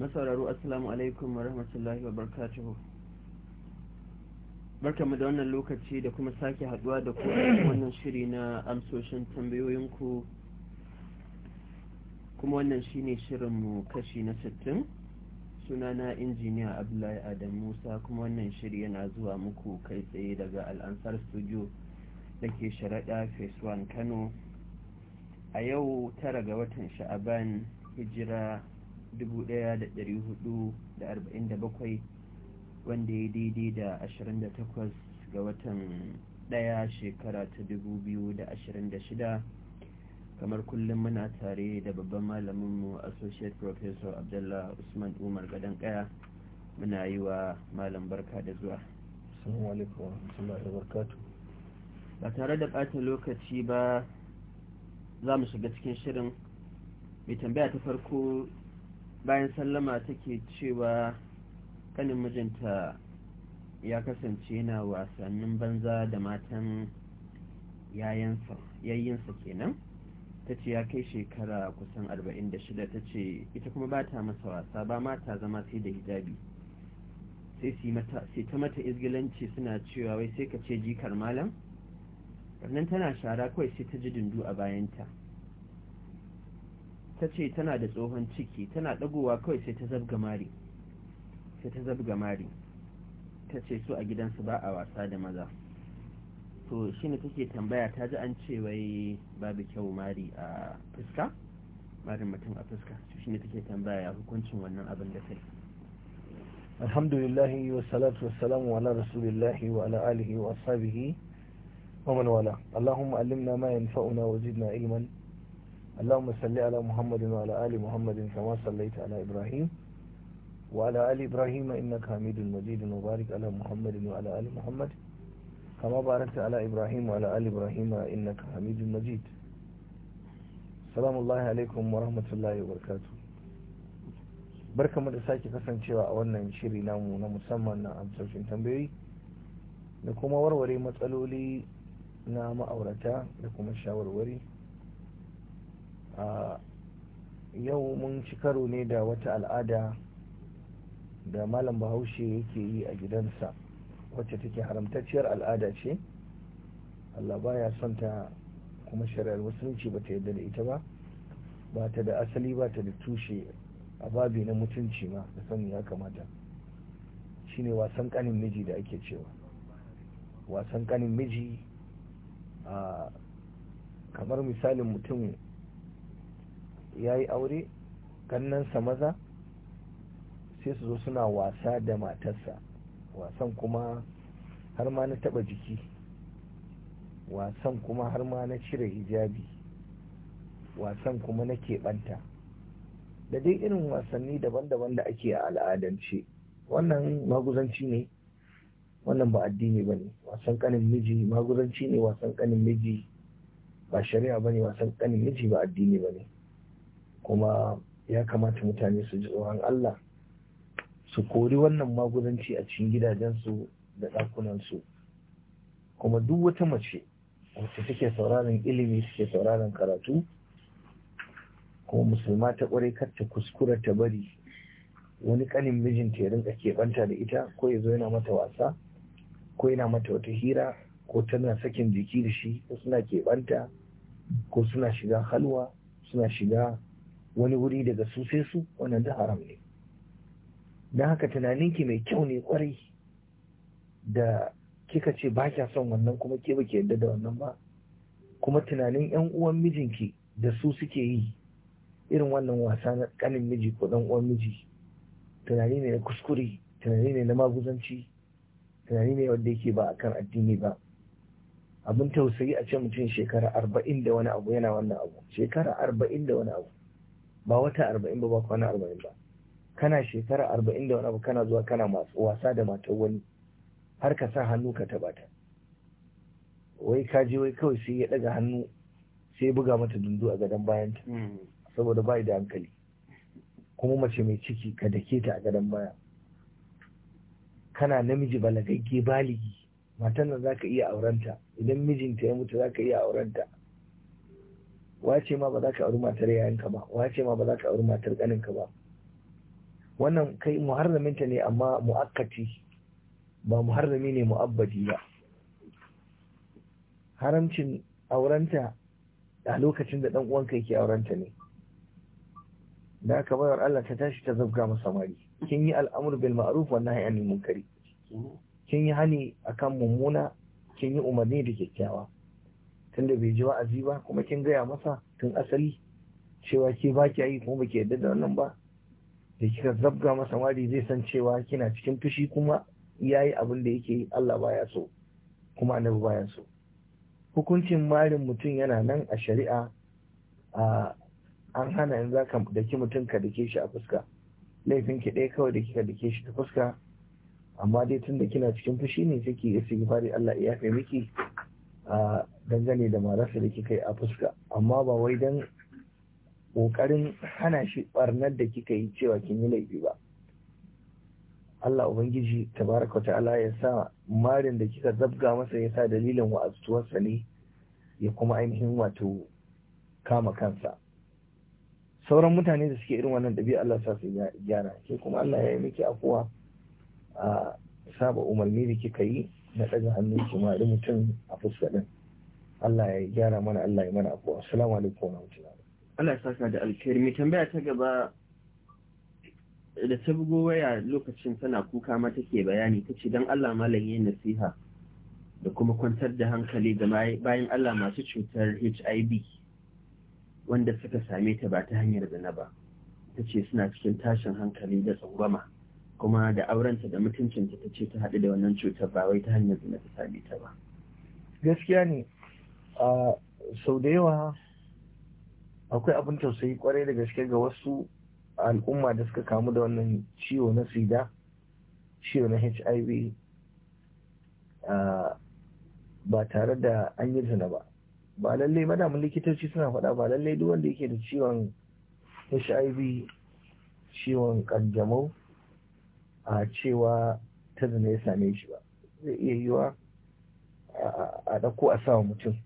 masauraro assalamu alaikum wa rahmatullahi wa barkatuhu barkamu da wannan lokaci da kuma sake haduwa da ku wannan shiri na amsoshin tambayoyinku kuma wannan shine shirinmu kashi na 60 sunana injiniya abdullahi adam musa kuma wannan shiri yana zuwa muku kai tsaye daga al'ansar studio da ke sharaɗa face 1 kano a yau tara ga watan sha'aban hijira 1447 wanda ya daidai da 28 ga watan ɗaya shekara ta 2026 kamar kullum muna tare da babban malaminmu associate professor abdullah usman umar gadon kaya muna yi wa malam barka da zuwa ba tare da ɓata lokaci ba za mu shiga cikin shirin mai tambaya ta farko bayan sallama take cewa kanin mijinta ya kasance yana wasannin banza da matan yayinsa kenan ta ce ya kai shekara kusan 46 ta ce ita kuma ba ta masa wasa ba mata zama sai da hijabi sai ta mata izgilanci suna cewa wai sai ka ce jikar malam ƙarnan tana shara kawai sai ta ji dundu a bayanta ta ce tana da tsohon ciki tana ɗagowa kawai sai ta zabga mari sai ta zabga mari ta ce su a gidansu ba a wasa da maza to shi ne take tambaya ta ji an ce wai babu kyau mari a fuska marin mutum a fuska shi ne take tambaya ya hukuncin wannan abin da kai alhamdulillahi wa salatu wa salamu ala rasulillahi wa ala alihi wa ashabihi wa man wala allahumma allimna ma yanfa'una wa zidna ilman اللهم صل على محمد وعلى آل محمد كما صليت على إبراهيم وعلى آل إبراهيم إنك حميد مجيد وبارك على محمد وعلى آل محمد كما باركت على إبراهيم وعلى آل إبراهيم إنك حميد مجيد السلام الله عليكم ورحمة الله وبركاته barkamu da sake kasancewa a wannan shiri namu na musamman na amsoshin tambayoyi da kuma warware matsaloli na ma'aurata da kuma shawarwari yau mun ci karo ne da wata al'ada da malam bahaushe yake yi a gidansa wacce take haramtacciyar al'ada ce allah baya son ta kuma shari'ar musulunci ba ta yadda da ita ba ba ta da asali ba ta da tushe a babi na mutunci ma da sani ya kamata shine wasan kanin miji da ake cewa wasan kanin miji a kamar misalin mutum ya yi aure kannansa maza sai su zo suna wasa da matarsa wasan kuma har ma na taba jiki wasan kuma har ma na cire hijabi wasan kuma na keɓanta da dai irin wasanni daban-daban da ake a al'adance wannan maguzanci ne wannan ba addini ba ne wasan kanin miji maguzanci ne wasan kanin miji ba shari'a ba ne wasan kanin miji ba addini ba ne kuma ya kamata mutane su ji tsoron Allah su kori wannan magudanci a cikin gidajensu da ɗakunansu kuma duk wata mace wacce take sauraron ilimi suke sauraron karatu kuma musulma ta ƙware kar ta kuskura ta bari wani ƙanin mijinta ya rinka keɓanta da ita ko ya zo yana mata wasa ko yana mata wata hira ko tana sakin jiki da shi ko suna keɓanta ko suna shiga halwa suna shiga wani wuri daga su sai su wannan da haram ne don haka tunaninki mai kyau ne kwarai da kika ce ba kya son wannan kuma ke baki yadda da wannan ba kuma tunanin yan uwan mijinki da su suke yi irin wannan wasa na kanin miji ko dan uwan miji tunani ne na kuskure tunani ne na maguzanci tunani ne wanda yake ba akan addini ba abin tausayi a ce mutum shekara arba'in da wani abu yana wannan abu shekara arba'in da wani abu ba wata arba'in ba ba kwana arba'in ba kana shekara arba'in da wani kana zuwa kana masu wasa da matar wani har ka sa hannu ka tabata wai ka je wai kawai sai ya daga hannu sai buga mata dundu a gadon bayanta saboda bai da hankali kuma mace mai ciki ka dake ta a gadon baya kana namiji balagagge baligi matan nan zaka iya aurenta idan mijinta ya mutu zaka iya aurenta wace ma ba za ka auri matar yayanka ba wace ma ba za ka auri matar ƙaninka ba wannan kai muharraminta ne amma mu'akkati ba muharrami ne mu'abbadi ba haramcin aurenta a lokacin da ɗan uwanka yake aurenta ne da aka bayar Allah ta tashi ta zabga masa mari kin yi al'amur bil ma'ruf wa nahy anil munkari mhm. kin yi hani akan mummuna kin yi umarni da kyakkyawa tunda bai ji wa'azi ba kuma kin gaya masa tun asali cewa ke ba ki yi kuma baki yadda da wannan ba da kika zabga masa wari zai san cewa kina cikin fushi kuma yayi abin da yake Allah baya so kuma annabi baya so hukuncin marin mutum yana nan a shari'a a an hana in za ka daki mutum ka dake shi a fuska laifin ki ɗaya kawai da kika dake shi ta fuska amma dai tun da kina cikin fushi ne sai ki istighfari Allah ya yafe miki dangane da marasa da kika yi a fuska amma ba wai don ƙoƙarin hana shi ɓarnar da kika yi cewa kin yi laifi ba Allah Ubangiji tabaraka ta'ala ya sa marin da kika zabga masa ya sa dalilin wa'azuwarsa ne ya kuma ainihin wato kama kansa sauran mutane da suke irin wannan ɗabi'a Allah sa su gyara ke kuma Allah ya yi miki afuwa a saba umarni da kika yi na ɗaga hannun ki mutum a fuska ɗin Allah ya gyara mana Allah ya mana abuwa assalamu alaikum wa rahmatullahi Allah ya saka da alkhairi mai tambaya ta gaba da ta bugo waya lokacin tana kuka ma take bayani ta ce don Allah malam yi nasiha da kuma kwantar da hankali da bayan Allah masu cutar HIV wanda suka same ta ba ta hanyar da na ba ta ce suna cikin tashin hankali da tsangwama kuma da aurenta da mutuncinta ta ce ta haɗu da wannan cutar ba wai ta hanyar da na ta same ta ba gaskiya ne a sau da yawa akwai abin tausayi kwarai da gaske ga wasu al'umma da suka kamu da wannan ciwo na sida ciwo na hiv ba tare da an yi zina ba ba lallai ba mun likitoci suna faɗa ba lallai duk wanda yake da ciwon hiv ciwon ƙanjamau a cewa ta zina ya same shi ba zai iya yiwa a ɗauko a sawa mutum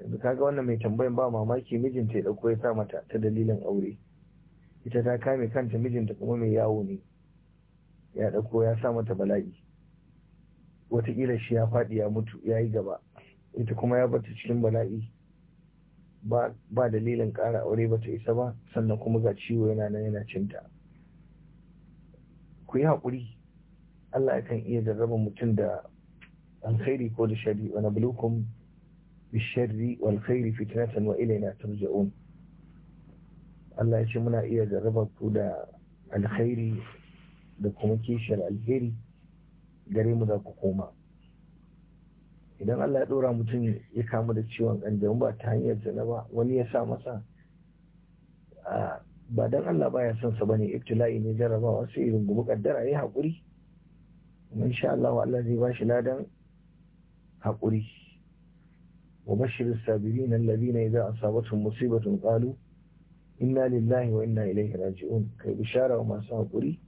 yanzu kaga wannan mai tambayan ba mamaki mijinta ya dauko ya sa mata ta dalilin aure ita ta kame kanta mijinta kuma mai yawo ne ya dauko ya sa mata bala'i wataƙila shi ya faɗi ya mutu ya yi gaba ita kuma ya bata cikin bala'i ba dalilin ƙara aure ba ta isa ba sannan kuma ga ciwo yana nan yana cinta ku yi haƙuri Allah ya kan iya jarraba mutum da alkhairi ko da shari'a wani bulukun? بالشر والخير فتنة وإلينا ترجعون Allah ya ce muna iya jarraba ku da alkhairi da kuma kishiyar alheri gare mu za ku koma idan Allah ya ɗora mutum ya kamu da ciwon ƙanjamu ba ta hanyar zina ba wani ya sa masa ba don Allah baya son sa bane ibtila'i ne jarrabawa sai irin gumu kaddara ya hakuri insha Allah Allah zai ba shi ladan haƙuri. وبشر السابرين الذين إذا أصابتهم مصيبة قالوا إنا لله وإنا إليه راجعون كي بشارة وما صابري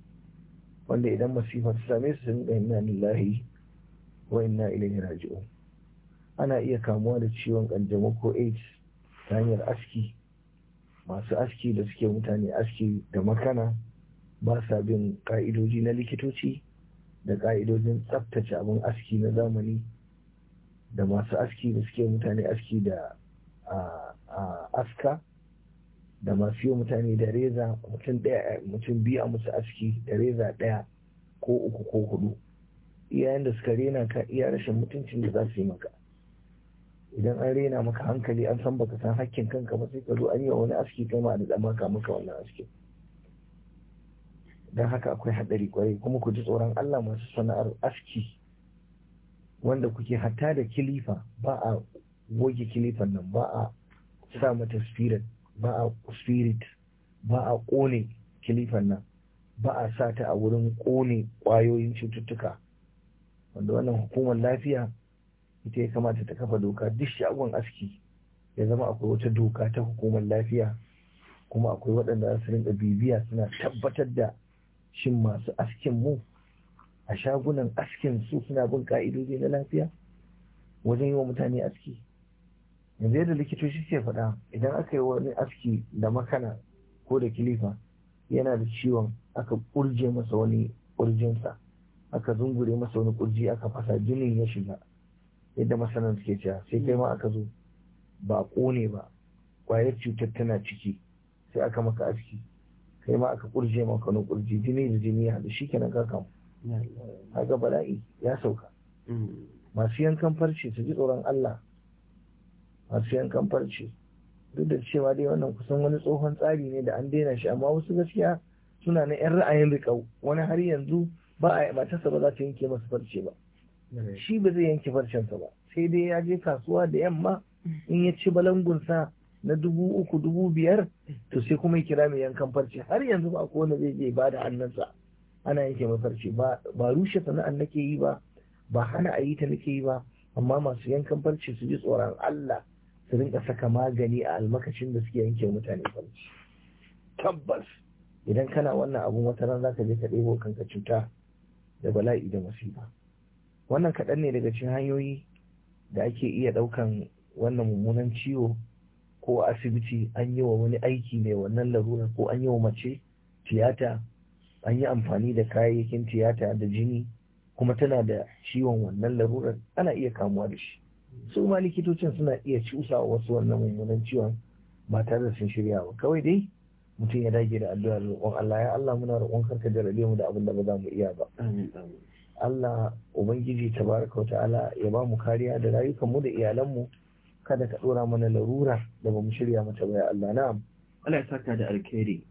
وأن إذا مصيبة سامس إنا لله وإنا إليه راجعون أنا إيا كاموالة شيوان كان جموكو إيج تانير الأسكي ما سأسكي لسكي ومتاني أسكي دمكانا da makana ba sa bin ka'idoji na likitoci da ka'idojin tsabtace abin aski na zamani da masu aski da suke mutane aski da aska da masu yi mutane da reza mutum biya musu aski da reza ɗaya ko uku ko hudu iyayen da suka rena ka iya rashin mutuncin da za su yi maka idan an rena maka hankali an san baka san hakkin kanka ba sai ka zo an yi wani aski kai ma da maka maka wannan aski don haka akwai hadari kwarai kuma ku ji tsoron Allah masu sana'ar aski wanda kuke hatta da kilifa ba a goge kilifan nan ba a sa mata spirit ba a spirit ba a ƙone kilifan nan ba a sa ta a wurin ƙone ƙwayoyin cututtuka wanda wannan hukumar lafiya ita ya kamata ta kafa doka duk shagon aski ya zama akwai wata doka ta hukumar lafiya kuma akwai waɗanda za su rinka bibiya suna tabbatar da shin masu askin mu a shagunan askin su suna bin ka'idoji na lafiya wajen yi wa mutane aski yanzu yadda likitoci ke faɗa idan aka yi wani aski da makana ko da kilifa yana da ciwon aka ƙurje masa wani ƙurjinsa aka zungure masa wani ƙurji aka fasa jinin ya shiga yadda masanan suke cewa sai kai ma aka zo ba a ƙone ba ƙwayar cutar tana ciki sai aka maka aski kai ma aka ƙurje maka wani ƙurji jini da jini ya haɗu shi kenan ka kamu kaga bala'i ya sauka masu yankan farce su ji tsoron Allah masu yankan farce duk da cewa dai wannan kusan wani tsohon tsari ne da an daina shi amma wasu gaskiya suna na yan ra'ayin rikau wani har yanzu ba a matarsa ba za ta yanke masu farce ba shi ba zai yanke farcensa ba sai dai ya je kasuwa da yamma in ya ci balangun sa na dubu uku dubu biyar to sai kuma ya kira mai yankan farce har yanzu ba ko wanda zai je ba da hannunsa ana yanke mafarki ba rushe sana'ar nake yi ba ba hana a yi ta nake yi ba amma masu yankan farce su ji tsoron Allah su rinka saka magani a almakashin da suke yanke mutane farce tabbas idan kana wannan abun wata ran zaka je ka ɗebo kanka cuta da bala'i da musiba wannan kaɗan ne daga cikin hanyoyi da ake iya ɗaukan wannan mummunan ciwo ko asibiti an yi wa wani aiki mai wannan larura ko an yi wa mace tiyata an yi amfani da kayayyakin tiyata da jini kuma tana da ciwon wannan larurar ana iya kamuwa da shi su ma likitocin suna iya cusa wasu wannan mummunan ciwon ba tare da sun shirya ba kawai dai mutum ya dage da addu'ar roƙon Allah ya Allah muna roƙon karka rabe mu da abin da ba za mu iya ba Allah ubangiji tabaraka ta'ala ya ba mu kariya da rayukan mu da iyalan mu kada ka dora mana larura da bamu shirya mata ba ya Allah na'am Allah ya saka da alkhairi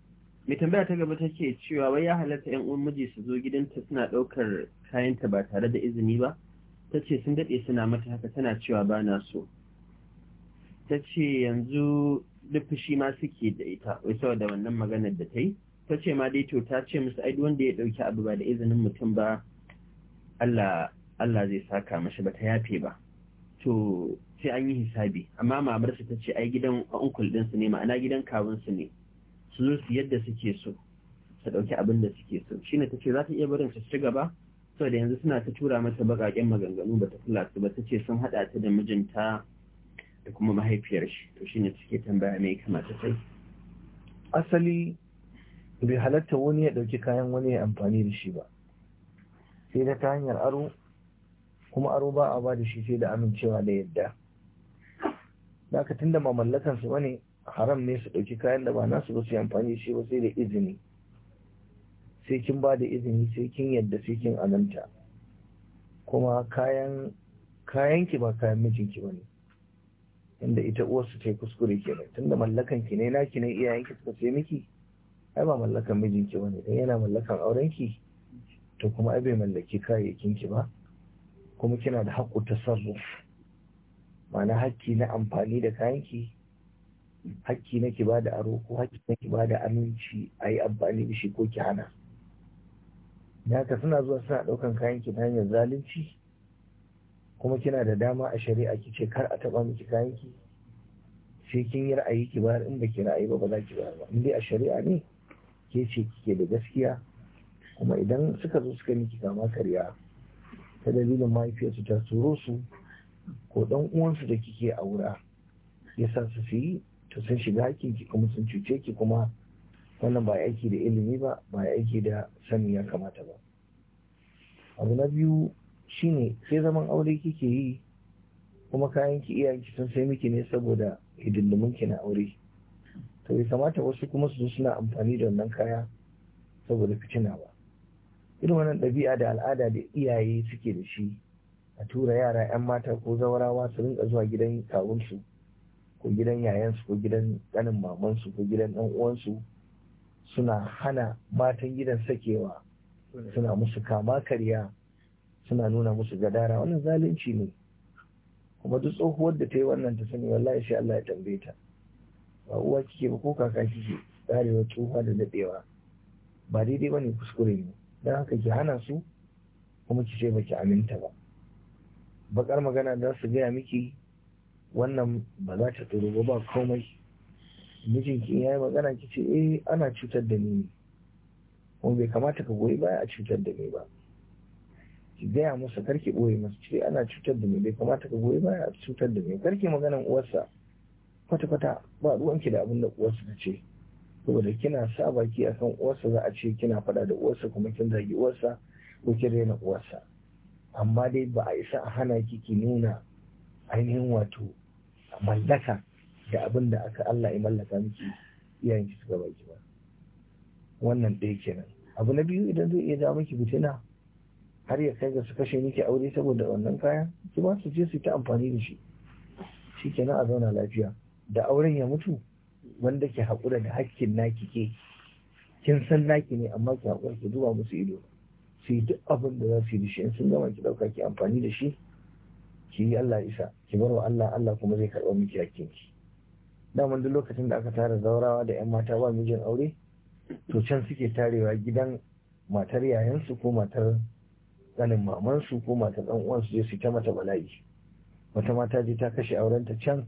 mai tambaya ta gaba ta ce cewa wai ya halatta yan uwan miji su zo gidanta suna ɗaukar kayanta ba tare da izini ba ta ce sun daɗe suna mata haka tana cewa ba na so ta ce yanzu duk fushi ma suke da ita wai saboda wannan maganar da ta yi ta ce ma dai to ta ce musu ai wanda ya ɗauki abu ba da izinin mutum ba Allah Allah zai saka mashi ba ta yafe ba to sai an yi hisabi amma mamarsa ta ce ai gidan uncle ɗinsu ne ma'ana gidan kawunsu ne su zo su yadda suke so su ɗauki abin da suke so shine ta ce za ta iya barin su ci gaba saboda yanzu suna ta tura mata baƙaƙen maganganu ba ta kula su ba ta ce sun haɗa ta da mijinta da kuma mahaifiyar shi to shine suke tambaya me kamata sai asali bai halatta wani ya ɗauki kayan wani ya amfani da shi ba sai da ta hanyar aro kuma aro ba a ba da shi sai da amincewa da yadda da aka su ba ne haram ne su ɗauki kayan da ba nasu ba su yi amfani shi ba sai da izini sai kin ba da izini sai kin yadda sai kin aminta kuma kayan ki ba kayan mijinki ba ne inda ita uwarsu ta yi kuskure kenan tunda mallakan ki ne ki ne ki suka ce miki ai ba mallakan mijinki ba ne dan yana mallakan aurenki to kuma ai bai mallaki kayayyakin ki ba kuma kina da haƙƙo tasarruf ma'ana hakki na amfani da kayan ki? hakki na ki bada aro ko hakki na ki bada aminci a yi amfani da shi ko ki hana ya ka suna zuwa suna ɗaukan kayan ki ta hanyar zalunci kuma kina da dama a shari'a ki ce kar a taɓa miki kayan ki sai kin yi ra'ayi ki bayar in baki ra'ayi ba ba za ki bayar ba in dai a shari'a ne ke ce kike da gaskiya kuma idan suka zo suka miki kama karya ta dalilin mahaifiyarsu ta turo su ko dan uwansu da kike aura ya sa su yi to sun shiga hakkin ki kuma sun cuce ki kuma wannan ba aiki da ilimi ba ba aiki da sani ya kamata ba abu na biyu shine sai zaman aure kike yi kuma kayan ki iyayenki sun sai miki ne saboda hidindimin ki na aure to bai kamata wasu kuma su suna amfani da wannan kaya saboda fitina ba irin wannan ɗabi'a da al'ada da iyaye suke da shi a tura yara 'yan mata ko zawarawa su rinka zuwa gidan kawunsu ko gidan yayansu ko gidan ƙanin mamansu ko gidan ɗan uwansu suna hana matan gidan sakewa suna musu kama karya suna nuna musu gadara wannan zalunci ne kuma duk tsohuwar da ta yi wannan ta sani wallahi shi Allah ya tambaye ta ba uwa kike ba ko kaka kike Tsarewa, tsohuwa da daɗewa ba daidai ba ne kuskure ne don haka ki hana su kuma ki ce ba ki aminta ba Baƙar magana za su gaya miki wannan ba za ta tsoro ba komai mijinki ya yi magana ki ce eh ana cutar da ni kuma bai kamata ka goyi baya a cutar da ni ba ki gaya musa karki ɓoye masu ce eh, ana cutar da ni bai kamata ka goyi baya a cutar da ni karki maganan uwarsa kwata-kwata ba ruwanki da abin da uwarsa ta ce saboda kina sa baki akan uwarsa za a ce kina faɗa da uwarsa kuma kin zagi uwarsa ko kin raina uwarsa amma dai ba a isa a hana ki ki nuna ainihin wato mallaka da abin da aka Allah ya mallaka miki iyayen ki suka baki ba wannan ɗaya kenan abu na biyu idan zai iya ja miki fitina har ya kai ga su kashe miki aure saboda wannan kaya? ki ba su je su ta amfani da shi shi kenan a zauna lafiya da auren ya mutu wanda ke haƙura da hakkin naki ke kin san naki ne amma ki haƙura ki zuba musu ido su yi duk abin da za su yi da shi in sun gama ki ɗauka ki amfani da shi ki yi Allah isa ki bar wa Allah Allah kuma zai karɓa miki ki. daman duk lokacin da aka tara zaurawa da yan mata ba mijin aure to can suke tarewa gidan matar yayansu ko matar ganin mamansu ko matar ɗan uwansu je su ta mata bala'i wata mata je ta kashe aurenta can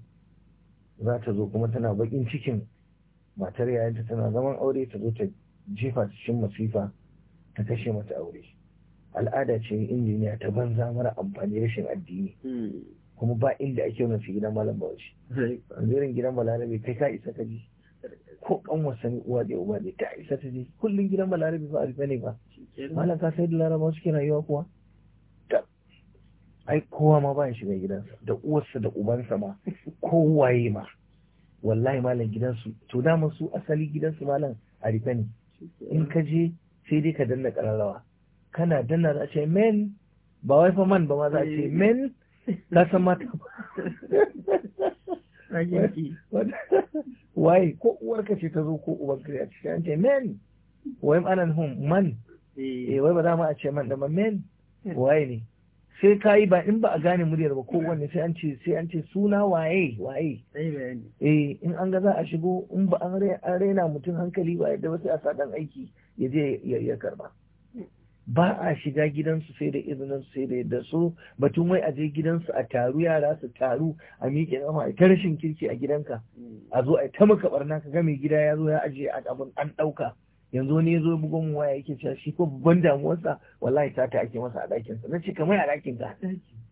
za ta zo kuma tana bakin cikin matar yayanta tana zaman aure ta zo ta jefa cikin masifa ta kashe mata aure al'ada ce injiniya ta banza mara amfani rashin addini hmm. kuma ba inda ake wani fi gidan malam bawashi zirin gidan balarabe kai ka isa ka ji ko kan wasan uwa da uba ne ta isa ta ji kullum gidan balarabe ba a rufe ne ba malam ka sai da laraba ke rayuwa kuwa ai kowa ma ba ya shiga gidansa da uwarsa da ubansa ma kowaye ma wallahi malam gidansu to dama su asali gidansu malam a rufe ne in ka je sai dai ka danna kararrawa kana dana za a ce men ba wai fa man ba ma za a ce eh. men ka san mata waye ko uwarka ce ta zo ko uban ka ce an ce men wai anan hun man eh. eh wai ba za mu a ce man da men eh. waye ne sai ka yi ba in ba a gane muryar ba ko wanne sai an ce sai an ce suna waye waye eh in an ga za a shigo in ba an raina mutum hankali ba yadda ba sai a sadan aiki ya je ya karba ba a shiga gidansu sai da izinin sai da yadda su batun wai a je gidansu a taru yara su taru a miƙe kama a ta rashin kirki a gidanka hmm. a zo a ta maka barna ka ga mai gida ya zo ya ajiye abin an ɗauka yanzu wani ya zo bugon waya yake cewa shi ko babban damuwarsa wallahi ta ta ake masa a ɗakinsa na ce kamar a ɗakinsa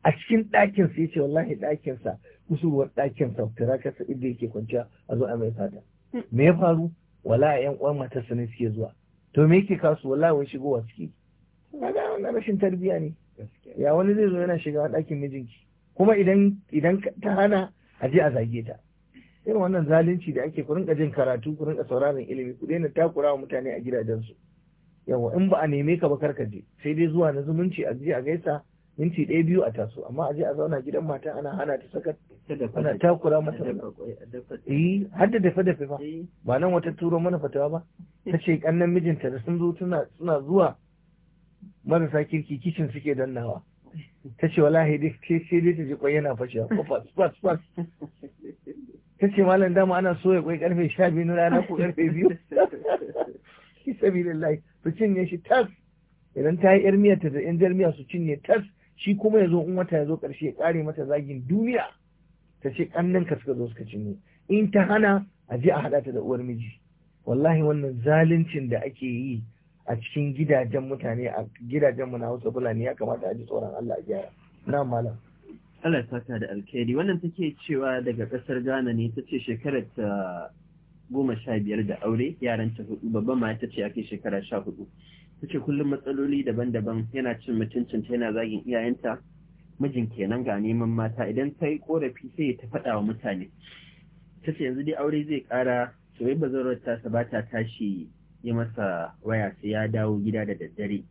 a cikin ɗakinsa ya ce wallahi ɗakinsa kusurwar ɗakinsa sa inda yake kwanciya a zo a mai fata hmm. me ya faru wala ƴan uwan matarsa ne suke zuwa to me yake kasu wallahi wai shigowa suke kaga wannan rashin tarbiya ne ya wani zai zo yana shiga ɗakin mijinki kuma idan idan ta hana a je a zage ta irin wannan zalunci da ake kurinka jin karatu kurinka sauraron ilimi ku daina takura wa mutane a gidajensu yawa in ba a neme ka ba ka je sai dai zuwa na zumunci a je a gaisa minti ɗaya biyu a taso amma a je a zauna gidan mata ana hana ta saka ana takura mata eh har da dafa-dafa ba eh. ba nan wata turo mana fatawa ba ta ce kannan mijinta da sun zo suna zuwa marasa kirki kicin suke dannawa ta ce wallahi dai sai dai ta ji kwai yana fashewa Kwafas, kwafas, kwafas. ta ce malam dama ana soya kwai karfe sha biyu na rana ko karfe biyu ki sabilillahi su cinye shi tas idan ta yi yar ta da yan jar su cinye tas shi kuma ya zo in wata ya zo karshe ya kare mata zagin duniya ta ce kannan ka suka zo suka cinye in ta hana a je a haɗa ta da uwar miji wallahi wannan zaluncin da ake yi a cikin gidajen mutane a gidajen mu na Hausa Fulani ya kamata a ji tsoron Allah a gyara na malam Allah saka da alkhairi wannan take cewa daga kasar Ghana ne ta ce shekarar ta goma sha biyar da aure yaran ta hudu babban ma ta ce a kai shekara sha hudu ta ce kullum matsaloli daban-daban yana cin mutuncin ta yana zagin iyayenta mijin kenan ga neman mata idan ta yi korafi sai ta faɗa wa mutane ta ce yanzu dai aure zai ƙara soyayya bazarar ta ba ta tashi yi masa waya sai ya dawo gida da daddare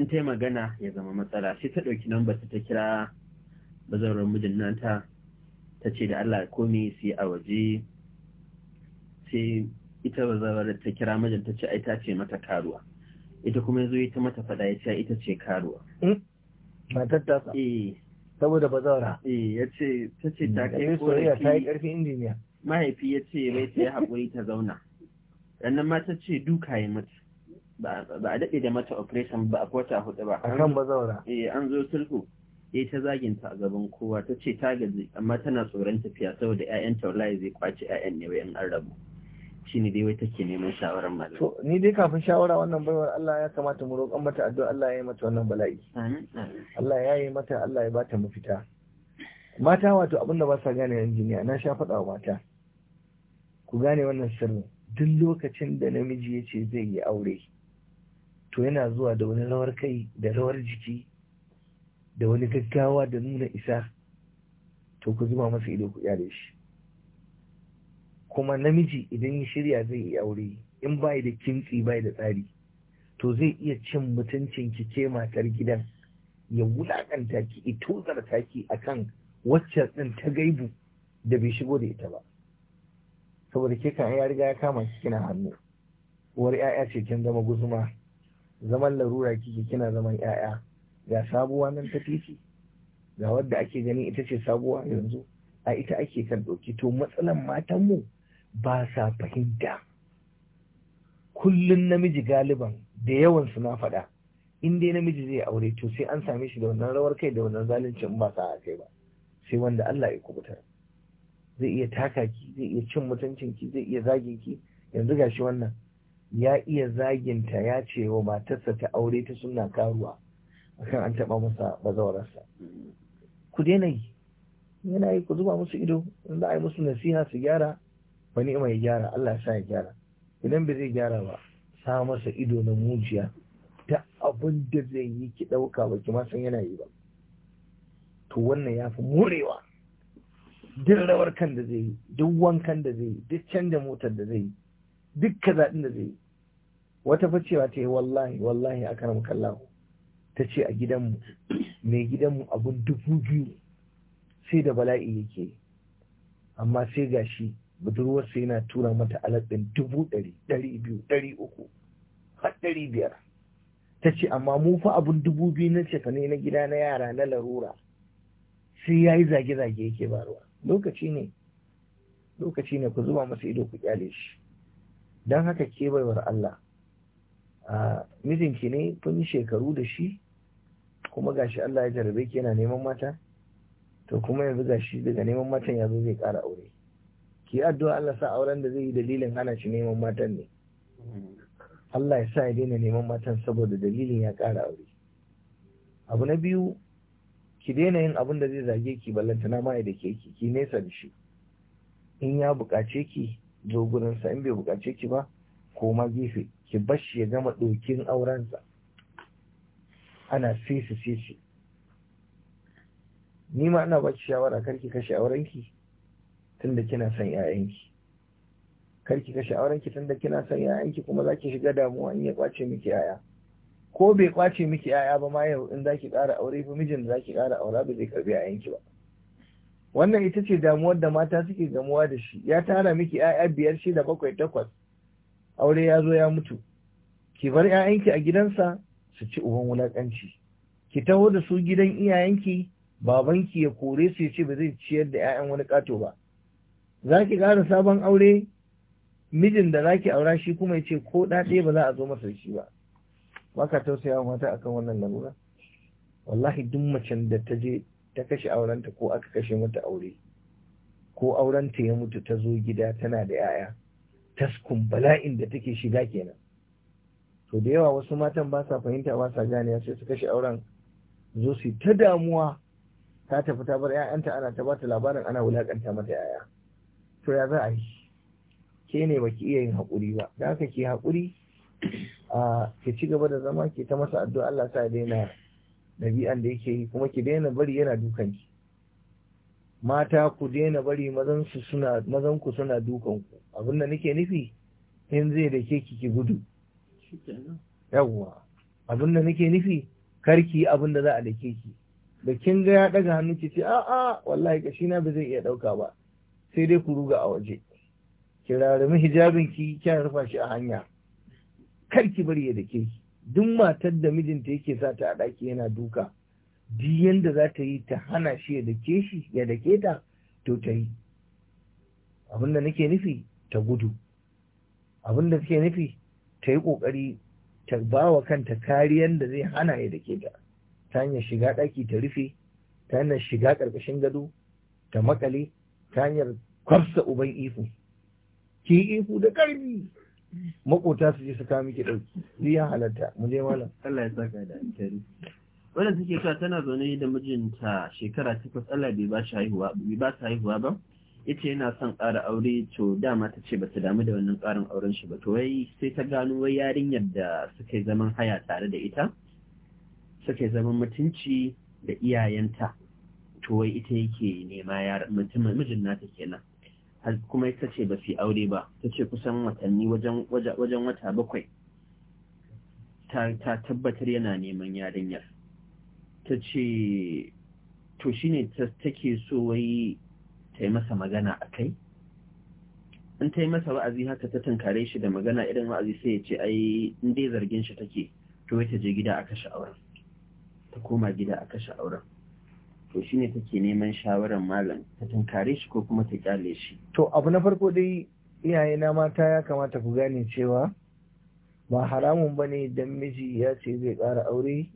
in ta yi magana ya zama matsala sai ta ɗauki nan ta ta kira bazarar mijin ta ce da Allah komi sai a waje sai ita bazarar ta kira mijin ta ce ai ta ce mata karuwa ita kuma ya zo ita mata faɗa ya ce ita ce karuwa. Hmm? Matar ta sa. Eh. Saboda bazawara. Eh ya ce ta ce ta kai korafi. Ta yi injiniya. Mahaifi ya ce bai ta ya haƙuri ta zauna. sannan ma ta ce duka ya mutu ba a daɗe da mata operation ba a kwata hudu ba a kan bazaura eh an zo sulhu ya eh, ta zaginta a gaban kowa ta ce ta gaji amma tana tsoron tafiya saboda 'ya'yanta wallahi zai kwace 'ya'yan ne bayan an rabu shi ne dai wai take neman shawarar malam. To ni dai kafin shawara wannan baiwar Allah ya kamata mu roƙon mata addu'a Allah ya yi mata wannan bala'i. Allah ya yi mata Allah ya bata mafita. Mata wato abin da ba sa gane injiniya na sha faɗa wa mata. Ku gane wannan sirrin. duk lokacin da namiji ya ce zai yi aure to yana zuwa da wani rawar kai da rawar jiki da wani gaggawa da nuna isa to ku zuba masa ido ku yare shi kuma namiji idan ya shirya zai yi aure in bai da kintsi bai da tsari to zai iya cin mutuncin ki ke matar gidan ya wulakanta ki ito zarta ki akan wacce din ta gaibu da bai shigo da ita ba saboda ke kan ya riga ya kama ki kina hannu uwar 'ya'ya ce kin zama guzuma zaman larura kike kina zaman 'ya'ya ga sabuwa nan ta titi ga wadda ake gani ita ce sabuwa yanzu a ita ake kan ɗauki to matsalan matanmu ba sa fahimta kullun namiji galiban da yawan su na faɗa in dai namiji zai aure to sai an same shi da wannan rawar kai da wannan zaluncin ba sa kai ba sai wanda Allah ya kubutar zai iya taka ki zai iya cin mutuncin ki zai iya zagin ki yanzu gashi wannan ya iya zaginta ya ce wa matarsa ta aure ta suna karuwa akan an taba masa bazawararsa ku daina yi yana yi ku zuba musu ido in za a yi musu nasiha su gyara wani mai gyara Allah ya sa ya gyara idan bai zai gyara ba sa masa ido na mujiya ta abin da zai yi ki ɗauka ba ki ma san yana yi ba to wannan ya fi morewa duk rawar kan da zai yi duk wankan da zai yi duk canja motar da zai yi duk kazaɗin da zai yi wata facewa ta yi wallahi wallahi a karam kallahu ta ce a gidanmu mai gidanmu abun dubu biyu sai da bala'i yake yi amma sai gashi budurwarsa yana tura mata alaɗin dubu ɗari ɗari biyu ɗari uku har ɗari biyar ta ce amma mu fa abun dubu biyu na cefa ne na gida na yara na larura sai ya yi zage-zage yake ba lokaci ne lokaci ne ku zuba masa ido ku kyale shi don haka ke baiwar Allah a mijinki ne kun yi shekaru da shi kuma gashi Allah ya jarabe ki yana neman mata to kuma yanzu gashi daga neman matan ya zo zai kara aure ki addu'a Allah sa auren da zai yi dalilin hana shi neman matan ne Allah ya sa ya daina neman matan saboda dalilin ya kara aure abu na biyu ki daina yin abin da zai zage ki ballantana ma da ke ki ki nesa da shi in ya buƙace ki zo sa in bai buƙace ki ba koma gefe ki bashi ya gama ɗokin aurensa ana sisi sisi ni ma ina baki shawara kar ki kashe aurenki tunda kina son ƴaƴanki kar ki kashe aurenki tunda kina son ƴaƴanki kuma zaki shiga damuwa in ya kwace miki ƴaƴa ko bai kwace miki yaya ba ma yau in zaki ƙara aure ba mijin da zaki ƙara aura ba zai karbi yayanki ba wannan ita ce damuwar da mata suke gamuwa da shi ya tara miki yaya biyar da bakwai takwas aure ya zo ya mutu ki bar yayanki a gidansa su ci uban wulakanci ki taho da su gidan iyayenki babanki ya kore su ya ce ba zai ciyar da yayan wani kato ba za ki ƙara sabon aure mijin da zaki aura shi kuma ya ce ko ɗaɗe ba za a zo masa shi ba ba ka tausaya mata akan wannan larura wallahi duk macen da ta je ta kashe aurenta ko aka kashe mata aure ko aurenta ya mutu ta zo gida tana da yaya taskun bala'in da take shiga kenan to da yawa wasu matan ba sa fahimta ba sa ya sai su kashe auren zo su ta damuwa ta tafi ta bar 'ya'yanta ana ta bata labarin ana wulakanta mata yaya to ya za a yi ke ne baki iya yin haƙuri ba da haka ke haƙuri ki ci gaba da zama ki ta masa addu'a Allah sa daina dabi'an da yake yi kuma ki daina bari yana dukan ki mata ku daina bari mazan su suna mazan ku suna dukan ku abin nake nufi in zai da ke ki gudu yawwa abin nake nufi karki abin da za a dake ki da kin ga ya daga hannu ki ce a'a wallahi kashi na ba zai iya dauka ba sai dai ku ruga a waje ki rarumi hijabin ki kyan rufa shi a hanya Kar ki bari ya dake ki duk matar da mijinta yake sa ta a ɗaki yana duka duk yanda za ta yi ta hana shi ya dake shi ya dake ta to ta yi abin da nake nufi ta gudu abin da suke nufi ta yi ƙoƙari ta ba wa kanta kariyar da zai hana ya dake ta ta hanyar shiga ɗaki ta rufe ta hanyar shiga ƙarƙashin gado ta makale ta hanyar kwafsa uban ihu ki ihu da ƙarfi makota su je su kawo miki ɗauki duk ya halatta mu je malam Allah ya saka da wannan take cewa tana zaune da mijinta shekara takwas Allah bai ba shi haihuwa bai ba ta haihuwa ba yace yana son ƙara aure to dama ta ce bata damu da wannan ƙarin auren shi ba to wai sai ta gano wai yarinyar da suka zaman haya tare da ita suka zaman mutunci da iyayenta to wai ita yake nema mijin nata kenan kuma ita ce ba su aure ba ta ce kusan watanni wajen wata bakwai ta tabbatar yana neman yarinyar ta ce to shi ta take so wai ta yi masa magana a kai in ta yi masa wa'azi haka ta tankare shi da magana irin wa'azi sai ya ce ai in dai zargin shi take to wai ta je gida a kashe auren ta koma gida a kashe auren to shine take neman shawarar malam ta tunkare shi ko kuma ta kyale shi to abu na farko dai iyaye na mata ya kamata ku gane cewa ba haramun bane dan miji ya ce zai ƙara aure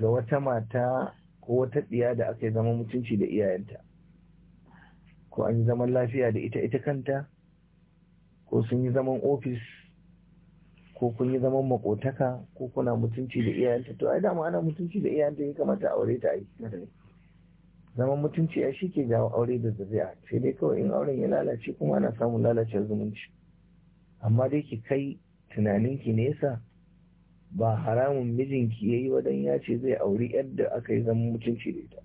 ga wata mata ko wata ɗiya da aka yi zama mutunci da iyayenta ko an yi zaman lafiya da ita ita kanta ko sun yi zaman ofis ko kun yi zaman makotaka ko kuna mutunci da iyayenta to ai dama ana mutunci da iyayenta ya kamata aure ta yi zaman mutunci a shi ke jawo aure da zuri'a sai dai kawai in auren ya lalace kuma ana samun lalacewar zumunci amma dai ki kai tunaninki nesa ba haramun mijinki ya yi dan ya ce zai auri yadda aka yi zaman mutunci da ita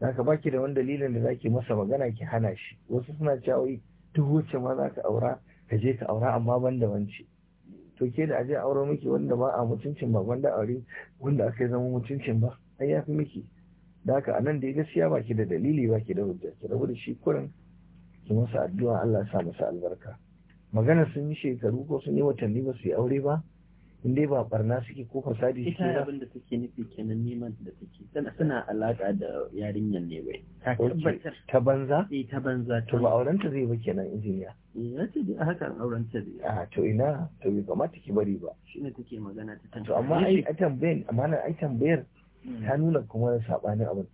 Zaka baki da wani dalilin da zaki masa magana ki hana shi wasu suna cewa duk wacce ma za ka aura ka je ka aura amma ban da wance to ke da aje aure miki wanda ba a mutuncin ba wanda aure wanda aka yi zama mutuncin ba ai ya fi miki da haka anan da gaskiya ki da dalili baki da hujja ki rabu da shi kurin ki masa addu'a Allah ya sa masa albarka magana sun yi shekaru ko sun yi watanni ba su yi aure ba in dai ba barna suke ko fasadi suke ba. Ita abin da take nufi kenan neman da take tana suna alaka da yarinyar ne bai. Ta tabbatar. Ta banza? Eh ta banza. To ba aurenta zai ba kenan injiniya. Ya ce dai haka aurenta zai. a ah, to ina to bai kamata ki bari ba. Shi ne take magana ta tantance. To amma ai tambayar amma ai tambayar ta nuna kuma saɓanin abin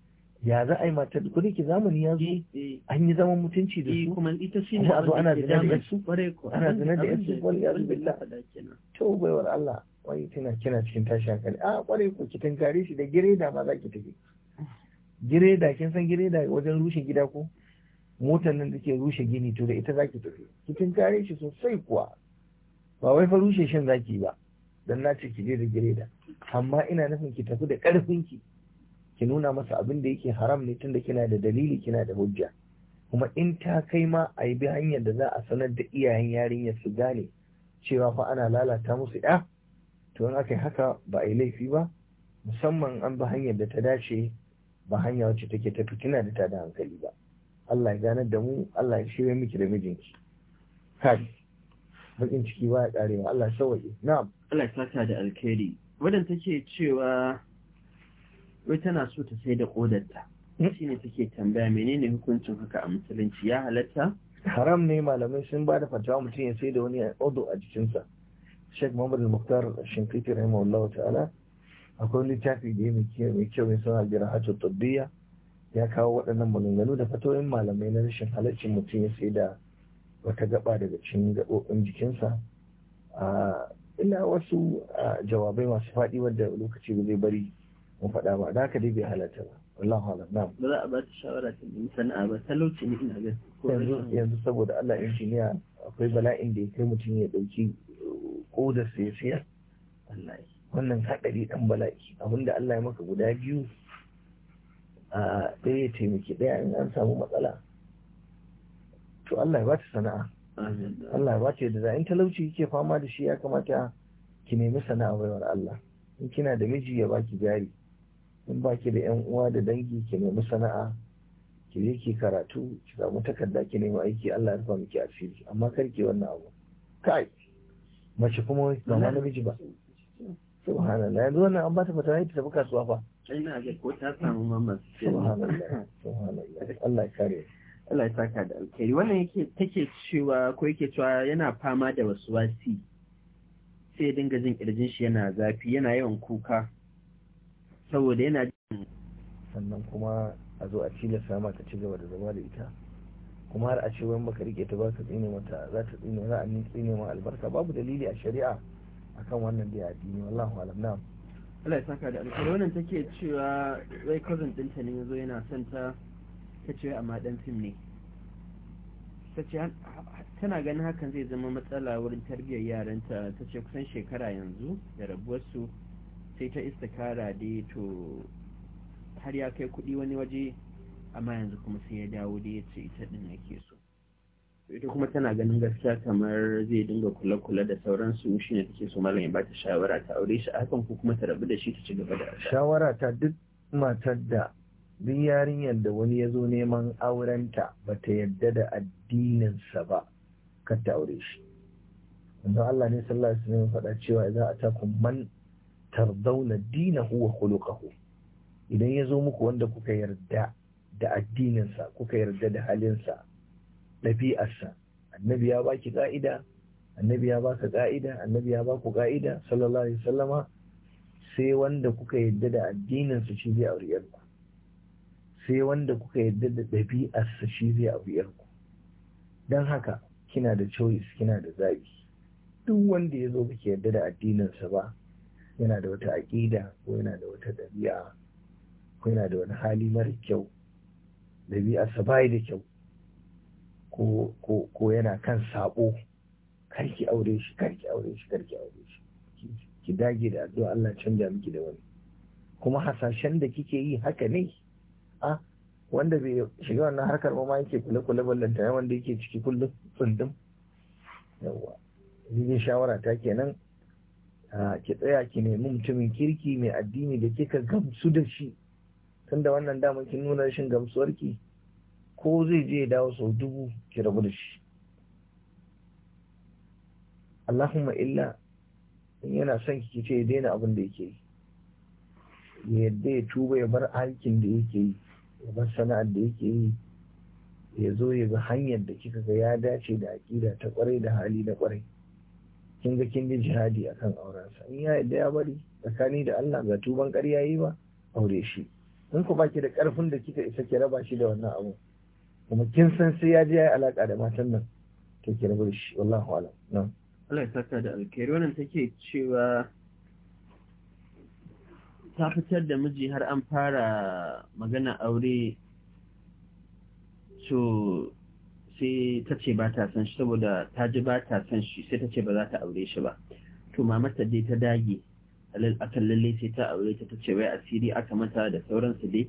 ya za a yi mata ko ne ke zamani ya zo eh, eh. an yi zaman mutunci da eh, su kuma ita shi ne a zo ana zina da yasu ana zina da su wani ya zubi la to baiwar Allah wani tana kina cikin tashi hankali a ah, kwarai ko ki tunkare shi da gireda ma za ki tafi gireda kin san gireda wajen rushe gida ko motar nan da ke rushe gini to da ita za ki tafi ki tunkare shi sosai kuwa ba wai fa rushe shin za ki yi ba dan na ce ki je da gireda amma ina nufin ki tafi da ƙarfin ki ki nuna masa abin da yake haram ne tunda kina da dalili kina da hujja kuma in ta kai ma a yi bi hanyar da za a sanar da iyayen yarinya su gane cewa fa ana lalata musu ya to in aka yi haka ba a yi laifi ba musamman an bi hanyar da ta dace ba hanya wacce take ta kina da ta da hankali ba Allah ya ganar da mu Allah ya shirya miki da mijinki kai bakin ciki ba ya karewa Allah ya sauwaye na'am Allah ya saka da alkhairi wadda take cewa wai tana so ta sai da kodarta hmm? shi ne take tambaya menene hukuncin haka a musulunci ya halatta haram ne malamai sun ba da fatawa mutum ya sai da wani odo a jikinsa Sheikh Muhammad Al-Muqtar Shinkiti rahimahullahu ta'ala akwai littafi da mai kyau mai suna Jirahatu Tabbiya ya kawo waɗannan maganganu da fatoyin malamai na rashin halaccin mutum ya sai da wata gaba daga cikin gaɓoɓin jikinsa a ah, Ina wasu jawabai masu faɗi wadda lokaci ba zai bari mu faɗa ba da haka dai bai halatta ba wallahu alam na ba za a ba ta shawara ta yi sana'a ba talauci ne ina ganin yanzu saboda Allah injiniya akwai bala'in da ya kai mutum ya dauki kodar uh, sa ya siya wannan hadari dan bala'i abinda Allah ya maka guda biyu a ɗaya ya taimaki ɗaya in an samu matsala to Allah ya ba ta sana'a Allah ba ce da za in talauci kike fama da shi ya kamata ki nemi sana'a baiwar Allah in kina da miji ya baki jari in baki da yan uwa da dangi ki nemi sana'a ki je ki karatu ki samu takarda ki nemi aiki Allah ya rufa miki asiri amma kar ki wannan abu kai mace kuma ba ma namiji ba subhanallah yanzu wannan an ba ta mata ta fi kasuwa fa ina ga ko ta samu mamman subhanallah subhanallah Allah ya kare Allah ya saka da alkhairi wannan yake take cewa ko yake cewa yana fama da wasu wasi sai dinga jin kirjin shi yana zafi yana yawan kuka saboda yana jin sannan kuma a zo a tilasta mata ci gaba da zama da ita kuma har a ce wani baka rike ta ka tsine mata za ta tsine za a tsine ma albarka babu dalili a shari'a akan wannan da addini wallahu alam na'am Allah ya saka da alkhairi wannan take cewa wai cousin dinta ne yazo yana son ta ta ce amma dan fim ne ta ce tana ganin hakan zai zama matsala wurin tarbiyyar yaranta ta ce kusan shekara yanzu da rabuwarsu sai ta istikara dai to har ya kai kudi wani waje amma yanzu kuma sai ya dawo da ya ce ita din yake so ita kuma tana ganin gaskiya kamar zai dinga kula-kula da sauransu shi ne take so malam ba ta shawara ta aure shi hakan ko kuma ta rabu da shi ta ci gaba da shawara ta duk matar da duk yarinyar da wani ya zo neman aurenta ba ta yadda da addininsa ba ka ta aure shi yanzu Allah ne sallallahu alaihi wasallam faɗa cewa za a ta atakum man dina dinahu wa khuluquhu idan ya zo muku wanda kuka yarda da addininsa kuka yarda da halinsa ɗabi'arsa annabi ya baki ka'ida annabi ya baka ka'ida annabi ya baku ka'ida sallallahu alaihi wasallama sai wanda kuka yarda da addininsa shi zai aure ku sai wanda kuka yadda da ɗabi'arsa shi zai abu yarku don haka kina da choice kina da zaɓi duk wanda ya zo baki yadda da addininsa ba yana da wata aƙida ko yana da wata ɗabi'a ko yana da wani hali mara kyau ɗabi'arsa ba da kyau ko yana kan saɓo karki aure shi karki aure shi karki aure shi ki dage da addu'a Allah canja miki da wani kuma hasashen da kike yi haka ne a wanda bai shiga wannan harkar ma yake kule-kule ballanta ya wanda yake ciki kullum tsundum yawa yin shawara ta kenan ki tsaya ki nemi mutumin kirki mai addini da kika gamsu da shi tunda wannan damar kin nuna rashin gamsuwar ki? ko zai je ya dawo sau dubu ki rabu da shi Allahumma illa in yana son ki ce ya daina abin da yake yi ya yadda ya tuba ya bar aikin da yake yi ya sana'ar da yake yi ya zo ya ga hanyar da kika ga ya dace da aƙida ta kwarai da hali da kwarai kin ga kin ji jihadi akan aurensa in ya yadda ya bari tsakani da Allah ga tuban ƙarya yi ba aure shi in ku baki da ƙarfin da kika isa ki raba shi da wannan abu kuma kin san sai ya je ya yi alaka da matan nan to ki raba shi wallahu alam Allah ya saka da alkhairi wannan take cewa ta fitar da miji har an fara magana aure to sai ta ce ba ta san shi saboda ta ji ba ta san shi sai ta ce ba za ta aure shi ba to mamarta dai ta dage akan lalle sai ta aure ta ta ce wai asiri aka mata da sauransu dai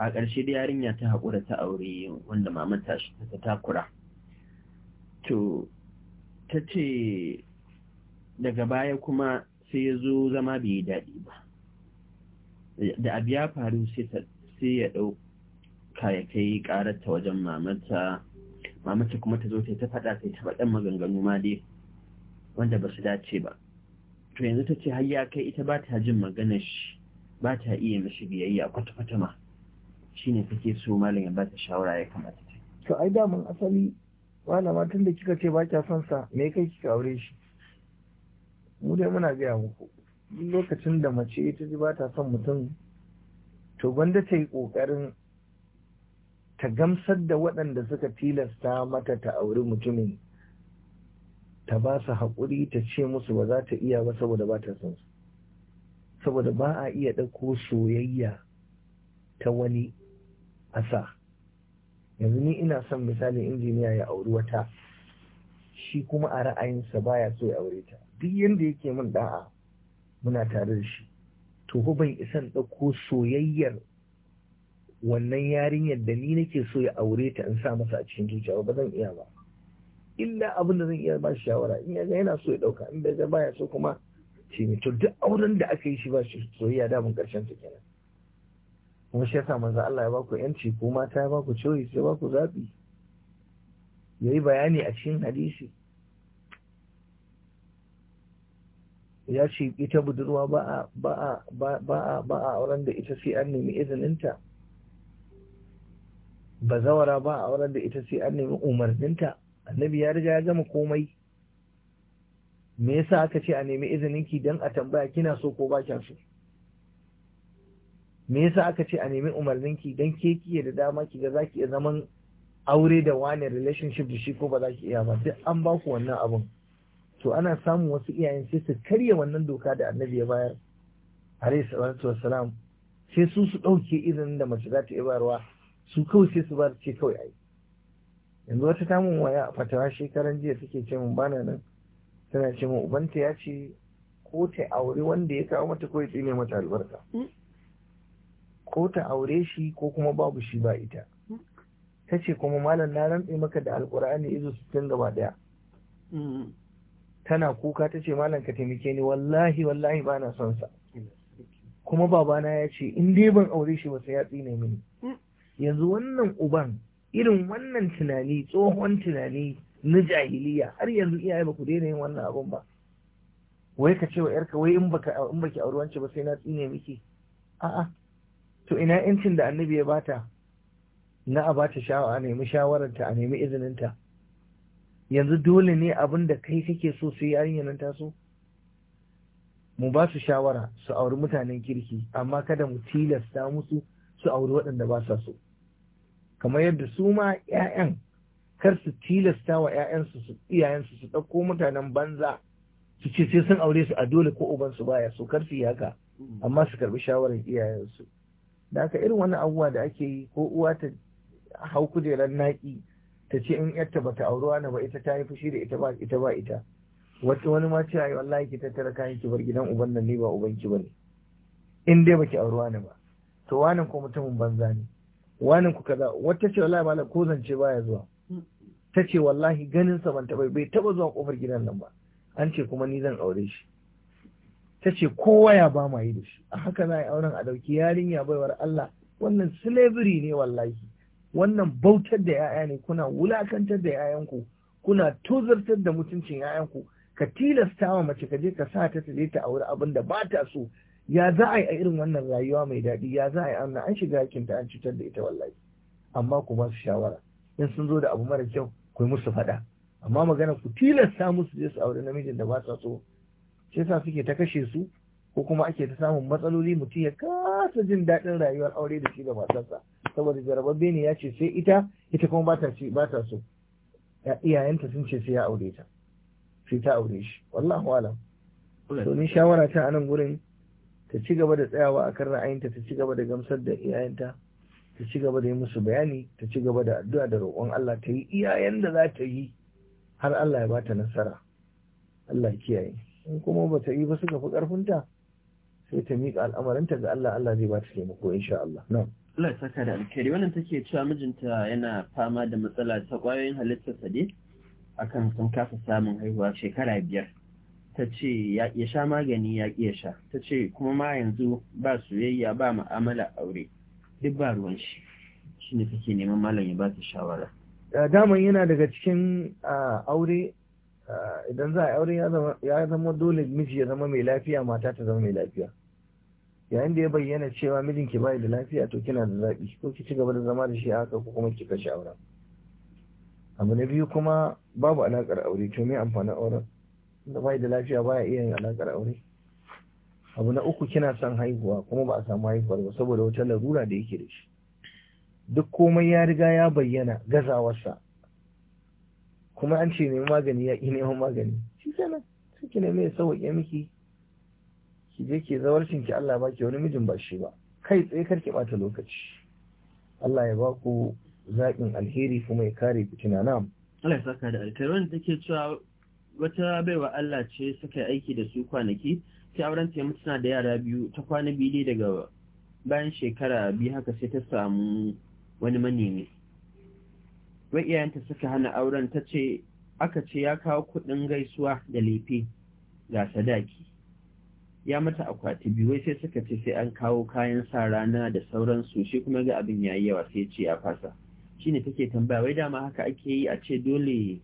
a ƙarshe da yarinya ta haƙura ta aure wanda mamanta shi ta takura to ta ce daga baya kuma sai ya zo zama bai yi daɗi ba da abu ya faru sai ya ɗauka ya kai ƙararta wajen mamata mamata kuma ta zo ta ta faɗa ta ta faɗan maganganu ma dai wanda ba su dace ba to yanzu ta ce har ya kai ita ba ta jin magana shi ba ta iya mishi biyayya kwata-kwata ma ta take so malam ya ba ta shawara ya kamata ta to ai da mun asali malama tun da kika ce ba kya son sa me kai kika aure shi mu dai muna gaya muku lokacin da mace ta ji ba ta son mutum to gwanda ta yi ƙoƙarin ta gamsar da waɗanda suka tilasta mata ta auri mutumin ta ba su haƙuri ta ce musu ba za ta iya ba saboda ba ta son su saboda ba a iya ɗauko soyayya ta wani asa yanzu ni ina son misali injiniya ya auri wata shi kuma a ra'ayinsa baya so ya aure ta duk yadda yake min da'a muna tare da shi to ko ban isan ɗauko soyayyar wannan yarinyar da ni nake so ya aure ta in sa masa a cikin zuciya ba zan iya ba illa abin da zan iya ba shawara in ya ga yana so ya ɗauka in bai ga baya so kuma shi ne to duk auren da aka yi shi ba shi soyayya da mun karshen ta kenan kuma shi yasa manzo Allah ya ba ku yanci ko mata ya ba ku choice ya ba ku zabi yayi bayani a cikin hadisi ya ce ita budurwa ba a auren da ita sai an nemi izininta ba zawara ba a auren da ita sai an nemi umarninta annabi ya riga ya gama komai me yasa aka ce a nemi izininki don a tambaya kina so ko ba kya so me yasa aka ce a nemi umarninki don ke kiye da dama ki ga zaki iya zaman aure da wani relationship da shi ko ba za ki iya ba duk an ba ku wannan abun to ana samun wasu iyayen sai su karya wannan doka da annabi ya bayar alaihi salatu wassalam sai su su ɗauke izinin da mace za ta yi bayarwa su kawai sai su bar ce kawai ai yanzu wata ta mun waya a fatawa shekaran jiya take ce min bana nan tana ce min ubanta ya ce ko ta aure wanda ya kawo mata ko tsine mata albarka mm. ko ta aure shi ko kuma babu shi ba ita mm. ta ce kuma malam na rantse maka da alkur'ani izo sittin gaba daya mm. tana kuka ta ce malam ka taimake ni wallahi wallahi ba na son sa kuma babana ya ce in dai ban aure shi ba sai ya tsine mini mm. yanzu wannan uban irin wannan tunani tsohon tunani na jahiliya har yanzu iyaye ba ku daina yin wannan abun ba wai ka ce wa yarka wai in baka in baki aure wance ba sai na tsine miki a'a to ina yancin da annabi ya bata na a bata shawara a nemi shawararta a nemi izininta yanzu dole ne abin da kai kake so sai yarinyar nan taso mu ba su shawara su auri mutanen kirki amma kada mu tilasta musu su auri waɗanda ba sa so kamar yadda su ma 'ya'yan kar su tilasta wa 'ya'yansu su iyayensu su ɗauko mutanen banza su ce sai sun aure su a dole ko ubansu baya so kar su yi haka amma su karbi shawarar iyayensu da haka irin wani abubuwa da ake yi ko uwa ta hau kujerar naƙi ta ce in yarta bata auruwa na ba ita ta yi fushi da ita ba ita ba ita wata wani ma ce ayi wallahi ki tattara kayan ki bar gidan uban nan ne ba uban ki bane in dai baki auruwa wani ba to wani ko mutumin banza ne wani ku kaza wata ce wallahi malam ko zance baya zuwa ta ce wallahi ganin sa ban taba bai taba zuwa kofar gidan nan ba an ce kuma ni zan aure shi ta ce kowa ya ba ma yi da shi a haka na yi auren a dauki yarinya baiwar Allah wannan slavery ne wallahi wannan bautar da 'ya'ya ne kuna wulakantar da 'ya'yanku kuna tozartar da mutuncin 'ya'yanku ka tilasta wa mace ka je ka sa ta ta je ta aure abin da ba ta so ya za a yi a irin wannan rayuwa mai daɗi ya za a yi amma an shiga yakin ta an cutar da ita wallahi amma ku ba su shawara in sun zo da abu mara kyau ku yi musu faɗa amma magana ku tilasta musu je su aure namijin da ba ta so shi yasa suke ta kashe su ko kuma ake ta samun matsaloli mutum ya kasa jin daɗin rayuwar aure da shi da matarsa saboda jarabar ne ya ce sai ita ita kuma ba ta so iyayenta sun ce sai ya aure ta sai ta aure shi wallahu alam to ni shawara ta anan gurin ta ci gaba da tsayawa a kan ra'ayinta ta ci gaba da gamsar da iyayenta ta ci gaba da yi musu bayani ta ci gaba da addu'a da roƙon Allah ta yi iyayen da za ta yi har Allah ya ba ta nasara Allah kiyaye in kuma ba ta yi ba suka fi ƙarfinta sai ta miƙa al'amarinta ga Allah Allah zai ba ta taimako insha Allah na'am Allah saka da alkhairi wannan take cewa mijinta yana fama da matsala ta ƙwayoyin halittar sa dai akan sun kasa samun haihuwa shekara biyar ta ce ya sha magani ya ƙi sha ta ce kuma ma yanzu ba soyayya ba mu'amala aure duk ba ruwan shi shi ne take neman malam ya ba ta shawara daman yana daga cikin aure idan za a aure ya zama dole miji ya zama mai lafiya mata ta zama mai lafiya yayin da ya bayyana cewa mijinki bai da lafiya to kina da zaɓi ko ki ci gaba da zama da shi a haka ko kuma ki kashe auren abu na biyu kuma babu alaƙar aure to me amfanin auren da bai da lafiya baya iya yin alaƙar aure abu na uku kina son haihuwa kuma ba a samu haihuwar ba saboda wata larura da yake da shi duk komai ya riga ya bayyana gazawarsa kuma an ce neman magani ya ƙi neman magani shi kenan sai ki ya sauwaƙe miki ki je ki zawarcin ki Allah ba ki wani mijin ba shi ba kai tsaye karki bata lokaci Allah ya baku zaƙin alheri kuma ya kare fitina na Allah ya saka da alkhairi wanda take cewa wata baiwa Allah ce suka yi aiki da su kwanaki sai auren ta mutu da yara biyu ta kwana biyu daga bayan shekara biyu haka sai ta samu wani manemi wai iyayenta suka hana auren ta ce aka ce ya kawo kuɗin gaisuwa da lefe ga sadaki ya mata akwati biyu wai sai suka ce sai an kawo kayan sa rana da sauransu shi kuma ga abin yi yawa sai ce ya fasa shine take tambaya wai dama haka ake yi a ce dole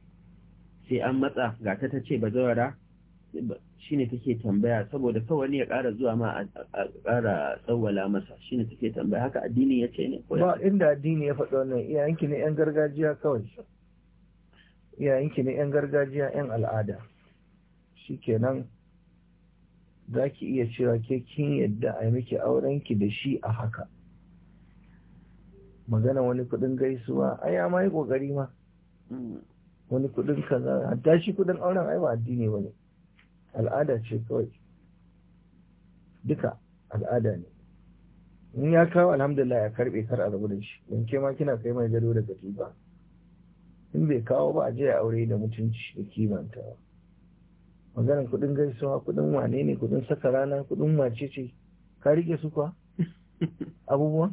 sai an matsa ga ta ta ce ba zawara shine take tambaya saboda wani ya ƙara zuwa ma a ƙara tsawwala masa shine take tambaya haka addini ya ce ne ba inda addini ya faɗa wannan iyayenki ne yan gargajiya kawai iyayenki ne yan gargajiya yan al'ada shikenan za ki iya cewa ke kin yadda a miki aurenki da shi a haka magana wani kudin gaisuwa a ya ma yi kokari ma wani kudin kaza hatta shi kudin auren ai ba addini ba ne al'ada ce kawai duka al'ada ne in ya kawo alhamdulillah ya karbe kar a da shi don ke ma kina kai mai gado da katifa in bai kawo ba a je aure da mutunci da kimanta ba maganin kuɗin gaisuwa kuɗin wane ne kuɗin saka rana kuɗin mace ce ka rike su kwa abubuwan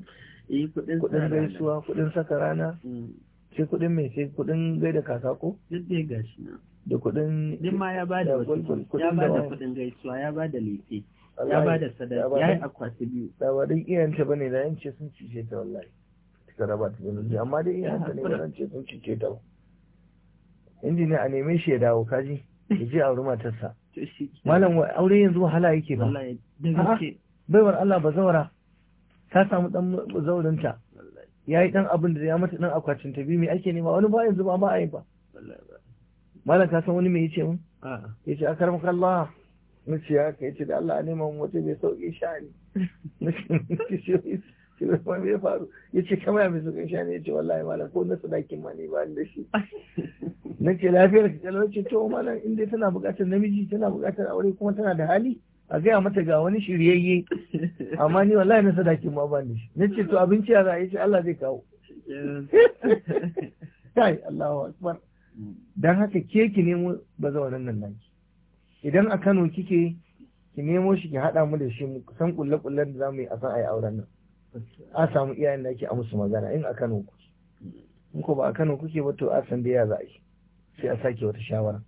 eh, kuɗin gaisuwa kuɗin saka rana mm. sai kuɗin mai sai kuɗin da kaka ko da kuɗin duk ma ya ba da ya ba da kuɗin gaisuwa ya ba da lefe ya ba da sadaka ya yi akwati biyu da ba duk iyayenta ba ne da yan ce sun cice ta wallahi suka raba ta da amma dai iyayenta ne ba ce sun cice ta ba injiniya a neme shi ya dawo kaji ya je auri matarsa malam aure yanzu wahala yake ba baiwar Allah ba zaura ta samu dan zaurinta ya yi dan abin da ya mata dan akwatin ta biyu mai ake nema wani ba yanzu ba ba a yi ba malam ka san wani me yace mun yace akarmaka Allah Mace ya ka yace da Allah a neman mu wata bai sauƙi sha'ani nace shi ne kuma ya faru ya ce kama ya misu kan shani ya ce wallahi malam ko na sadakin ma ne ba da shi na ce lafiyar ka kalau ce to malam inda tana buƙatar namiji tana buƙatar aure kuma tana da hali a gaya mata ga wani shiryayye amma ni wallahi na sadakin ma ba da shi na ce to abinci ya za ce Allah zai kawo kai Allahu akbar dan haka ke ki nemo ba za bazaunan nan naki idan a Kano kike ki nemo shi ki haɗa mu da shi mu san kulle-kullen da za mu yi a san a yi auren nan a samu iyayen da ake a musu magana in a Kano ku in ko ba a Kano kuke ba to a san da ya za a yi sai a sake wata shawara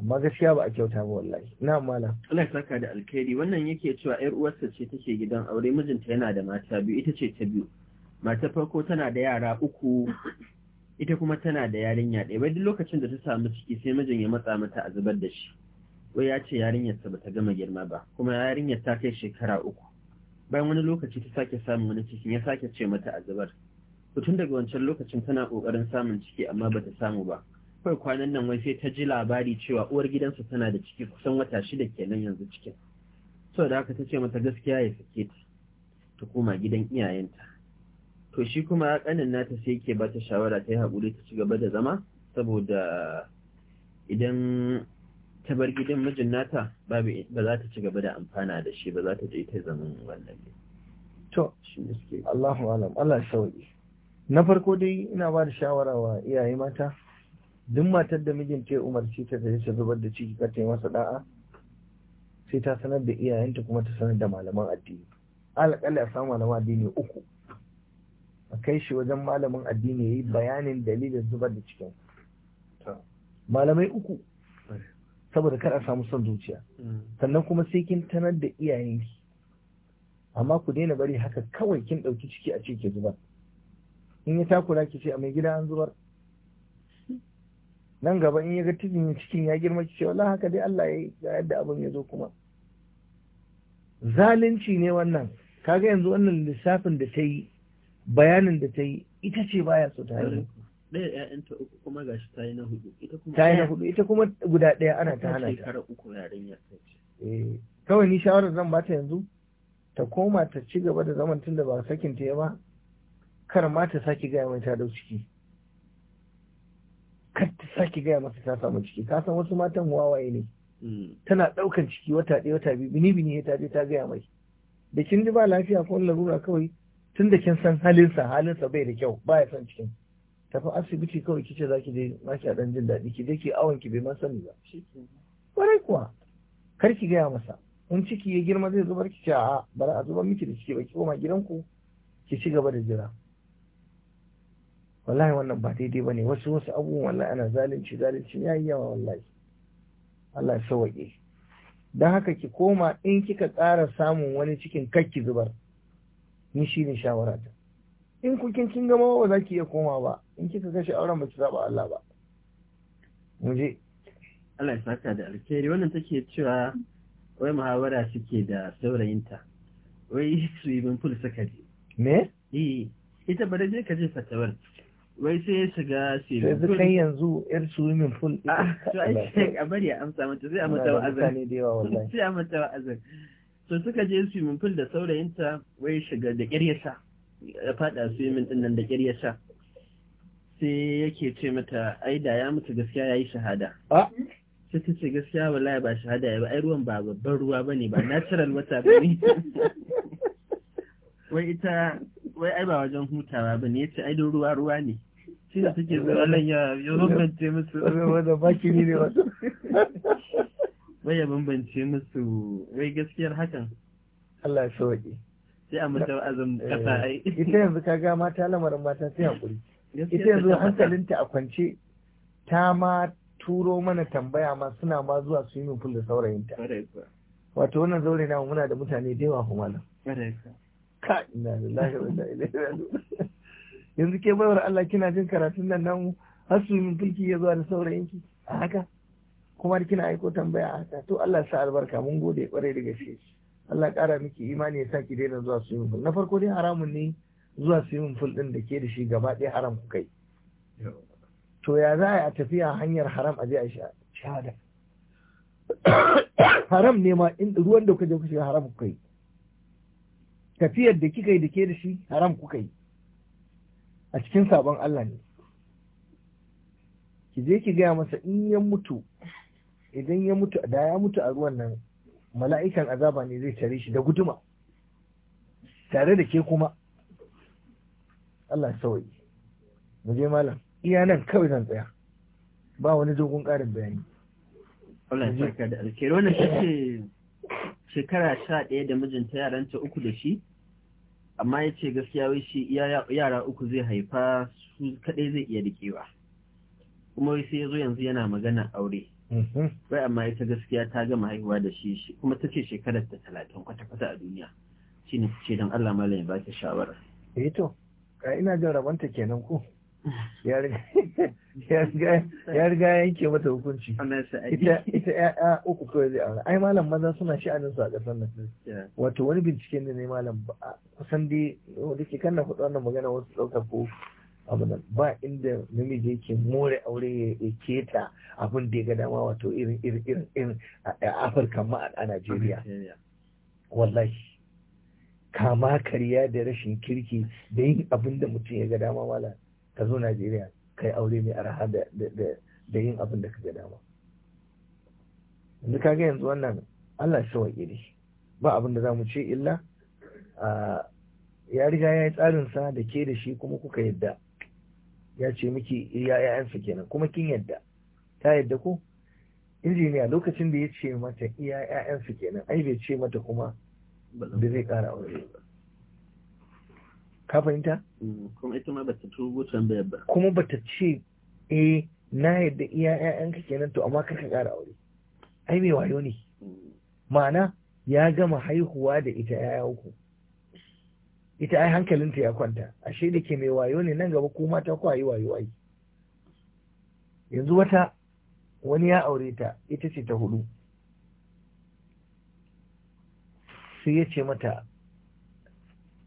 amma gaskiya ba a kyauta ba wallahi na mala Allah saka da alkhairi wannan yake cewa yar uwarsa ce take gidan aure mijinta yana da mata biyu ita ce ta biyu mata farko tana da yara uku ita kuma tana da yarinya ɗaya bai duk lokacin da ta samu ciki sai mijin ya matsa mata a zubar da shi wai ya ce yarinyarsa bata gama girma ba kuma yarinyar ta kai shekara uku bayan wani lokaci ta sake samun wani cikin ya sake ce mata a zubar tun daga wancan lokacin tana kokarin samun ciki amma bata samu ba kawai kwanan nan wai sai ta ji labari cewa uwar gidansa tana da ciki kusan wata shida kenan yanzu cikin so da haka ta ce mata gaskiya ya sake ta ta koma gidan iyayenta to shi kuma kanin nata sai yake bata shawara ta yi haƙuri ta ci gaba da zama saboda idan ta bar gidan mijin nata ba za ta ci gaba da amfana da shi ba za ta je ta zama wannan ne to shi ne suke Allahu alam Allah na farko dai ina ba da shawara wa iyaye mata duk matar da mijin ta umarci ta da ta zubar da ciki ka ta yi masa da'a sai ta sanar da iyayenta kuma ta sanar da malaman addini alƙalla a samu malaman addini uku a kai shi wajen malamin addini ya yi bayanin dalilin zubar da cikin malamai uku saboda kar a samu son zuciya sannan kuma sai kin tanar da iyayenki amma ku daina bari haka kawai kin ɗauki ciki a ce ke zubar in ya takura ki ce a mai gida an zubar nan gaba in ya ga tijin cikin ya girma ki ce wala haka dai Allah ya ga yadda abin ya zo kuma zalunci ne wannan kaga yanzu wannan lissafin da ta yi bayanin da ta yi ita ce baya so ta yi ɗaya ƴaƴanta uku kuma gashi ta yi na hudu ita kuma ta yi na hudu ita kuma guda ɗaya ana ta hana ta shekara uku yarinya ta ce eh, kawai ni shawarar zan bata yanzu ta koma ta ci gaba da zaman tunda ba sakin ta ba kar ma ta saki gaya mai ta dau ciki kar ta saki gaya masa ta samu ciki ka san wasu matan wawaye ne mm. tana ɗaukan ciki wata ɗaya wata biyu bini bini ta je ta gaya mai da kin ji ba lafiya ko larura kawai tun da kin san halinsa halinsa bai da kyau ba ya son cikin tafi asibiti kawai kice za ki je ba ki dan jin daɗi ki je ki awon ki bai ma sani ba kwarai kuwa kar ki gaya masa in ciki ya girma zai zubar ki ce a bari a zubar miki da ciki ba ki koma gidanku ki ci gaba da jira wallahi wannan ba daidai bane wasu wasu abubuwan wallahi ana zalunci zalunci yayi yawa wallahi Allah ya sauke dan haka ki koma in kika ƙara samun wani cikin kakki zubar ni shi ne shawara ta in kukin kin gama ba za ki iya koma ba in kika kashe auren ba ki saba Allah ba mu je Allah ya saka da alkhairi wannan take cewa wai muhawara suke da saurayinta wai su yi bin ful suka je me eh ita ba da je ka je fatawar wai sai ya shiga sai su kai yanzu yar swimming pool. Ah, to ai sai a bari a amsa mata sai a mata azan Sai a mata azan To suka je swimming pool da saurayinta wai shiga da ƙiryasa. ya fada swimming din nan da kyar ya sha sai yake ce mata ai da ya mutu gaskiya ya yi shahada ah. sai ta ce gaskiya laye ba shahada ya ba ai ruwan ba babban ruwa ba ne, ba natural water ne. wai ita wai ai ba wajen hutawa ba ya ce, ai don ruwa ruwa ne shi da suke zuwa nan ya ya bambance musu wanda baki ne wasu wai ya bambance musu wai gaskiyar hakan Allah ya sauke sai a mutum azum kasa eh, ai ita yanzu kaga mata lamarin mata sai hakuri ita yanzu hankalinta a kwance ta ma turo mana tambaya ma suna ma zuwa yi pool da saurayinta wato wannan zaure na muna da mutane da yawa kuma nan ka ina da yanzu ke bayar Allah kina jin karatun nan nan har swimming pool ki ya zuwa da saurayinki a haka kuma kina aiko tambaya a haka to Allah sa albarka mun gode kwarai da gaske Allah ƙara miki imani ya saki daina zuwa yi mun na farko dai haramun ne zuwa swimming pool din da ke da shi gaba ɗaya haram ku kai to ya za a tafiya hanyar haram a je a shahada haram ne ma in ruwan da kuka je kuka shiga haram ku kai tafiyar da kika yi da ke da shi haram kuka yi a cikin sabon Allah ne ki je ki gaya masa in ya mutu idan ya mutu da ya mutu a ruwan nan mala'ikan azaba ne zai tare shi da guduma tare da ke kuma Allah sauyi mu je malam iya nan kawai zan tsaya ba wani dogon ƙarin bayani Allah ya saka da alkhairi wannan shi shekara sha ɗaya da mijinta yaranta uku da shi amma ya ce gaskiya wai shi yara uku zai haifa su kaɗai zai iya riƙewa kuma wai sai ya zo yanzu yana magana aure Mhm. wai amma ita gaskiya ta gama haihuwa da shi kuma ta ce shekarar ta talatin kwata-kwata a duniya shi ne ce don Allah malam ya ba ta shawara. Eh to, ka ina jin rabonta kenan ko? Ya riga yanke mata hukunci. Ita ya uku kawai zai aure. Ai malam maza suna sha'anin su a ƙasar nan. Wato wani bincike ne ne malam kusan dai da ke kan na hudu wannan magana wasu ɗaukar ko abinan ba inda namiji yake more aure ya keta abin da ya ga dama wato irin irin irin irin a afirka ma a najeriya wallahi kama karya da rashin kirki da yin abin da mutum ya ga dama wala ka zo najeriya kai aure mai araha da yin abin da ka ga dama yanzu kaga yanzu wannan allah shawaƙi ne ba abin da za mu ce illa ya riga ya yi tsarinsa da ke da shi kuma kuka yadda ya ce miki ya yayansa kenan kuma kin yadda ta yadda ko injiniya lokacin da ya ce mata iya yayansa kenan ai bai ce mata kuma da zai kara aure ba ka fahimta mm, kuma ita ma bata tubo tambaya ba kuma bata ce eh na yadda iya yayanka kenan to amma kar ka kara aure ai mai wayo ne mm. ma'ana ya gama haihuwa da ita yaya uku ita ai hankalinta ya kwanta ashe da ke mai wayo ne nan gaba ko mata ko wayo ai yanzu wata wani ya aure ta ita ce ta hudu sai ya ce mata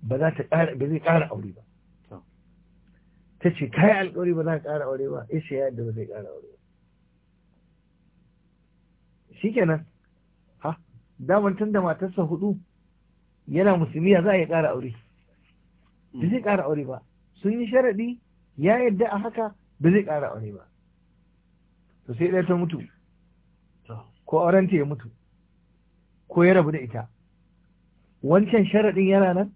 ba za ta ƙara ba zai ƙara aure ba ta ce kai alƙawari ba za ka ƙara aure ba ishe ya yadda ba zai ƙara aure ba shikenan ha daman tun da matarsa hudu yana musulmi za a yi ƙara aure ba zai ƙara aure ba sun yi sharaɗi ya yadda a haka ba zai ƙara aure ba to sai ɗaya ta mutu ko aurenta ya mutu ko ya rabu da ita wancan sharaɗin yana nan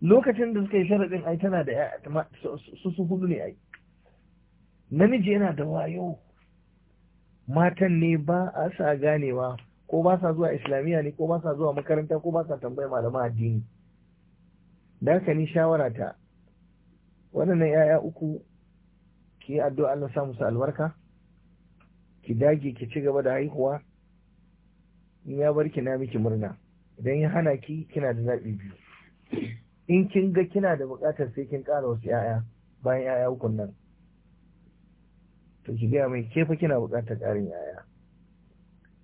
lokacin da suka yi sharaɗin ai tana da su su hudu ne ai namiji yana da wayo matan ne ba a sa ganewa ko ba sa zuwa islamiyya ne ko ba sa zuwa makaranta ko ba sa tambayi malama addini da haka ni shawara ta waɗannan 'ya'ya uku ki yi addu'a Allah sa musu albarka ki dage ki ci gaba da haihuwa in ya bar ki na miki murna idan ya hana ki kina da zaɓi biyu in kin ga kina da buƙatar sai kin ƙara wasu 'ya'ya bayan 'ya'ya ukun nan to ki gaya mai kefa kina buƙatar ƙarin 'ya'ya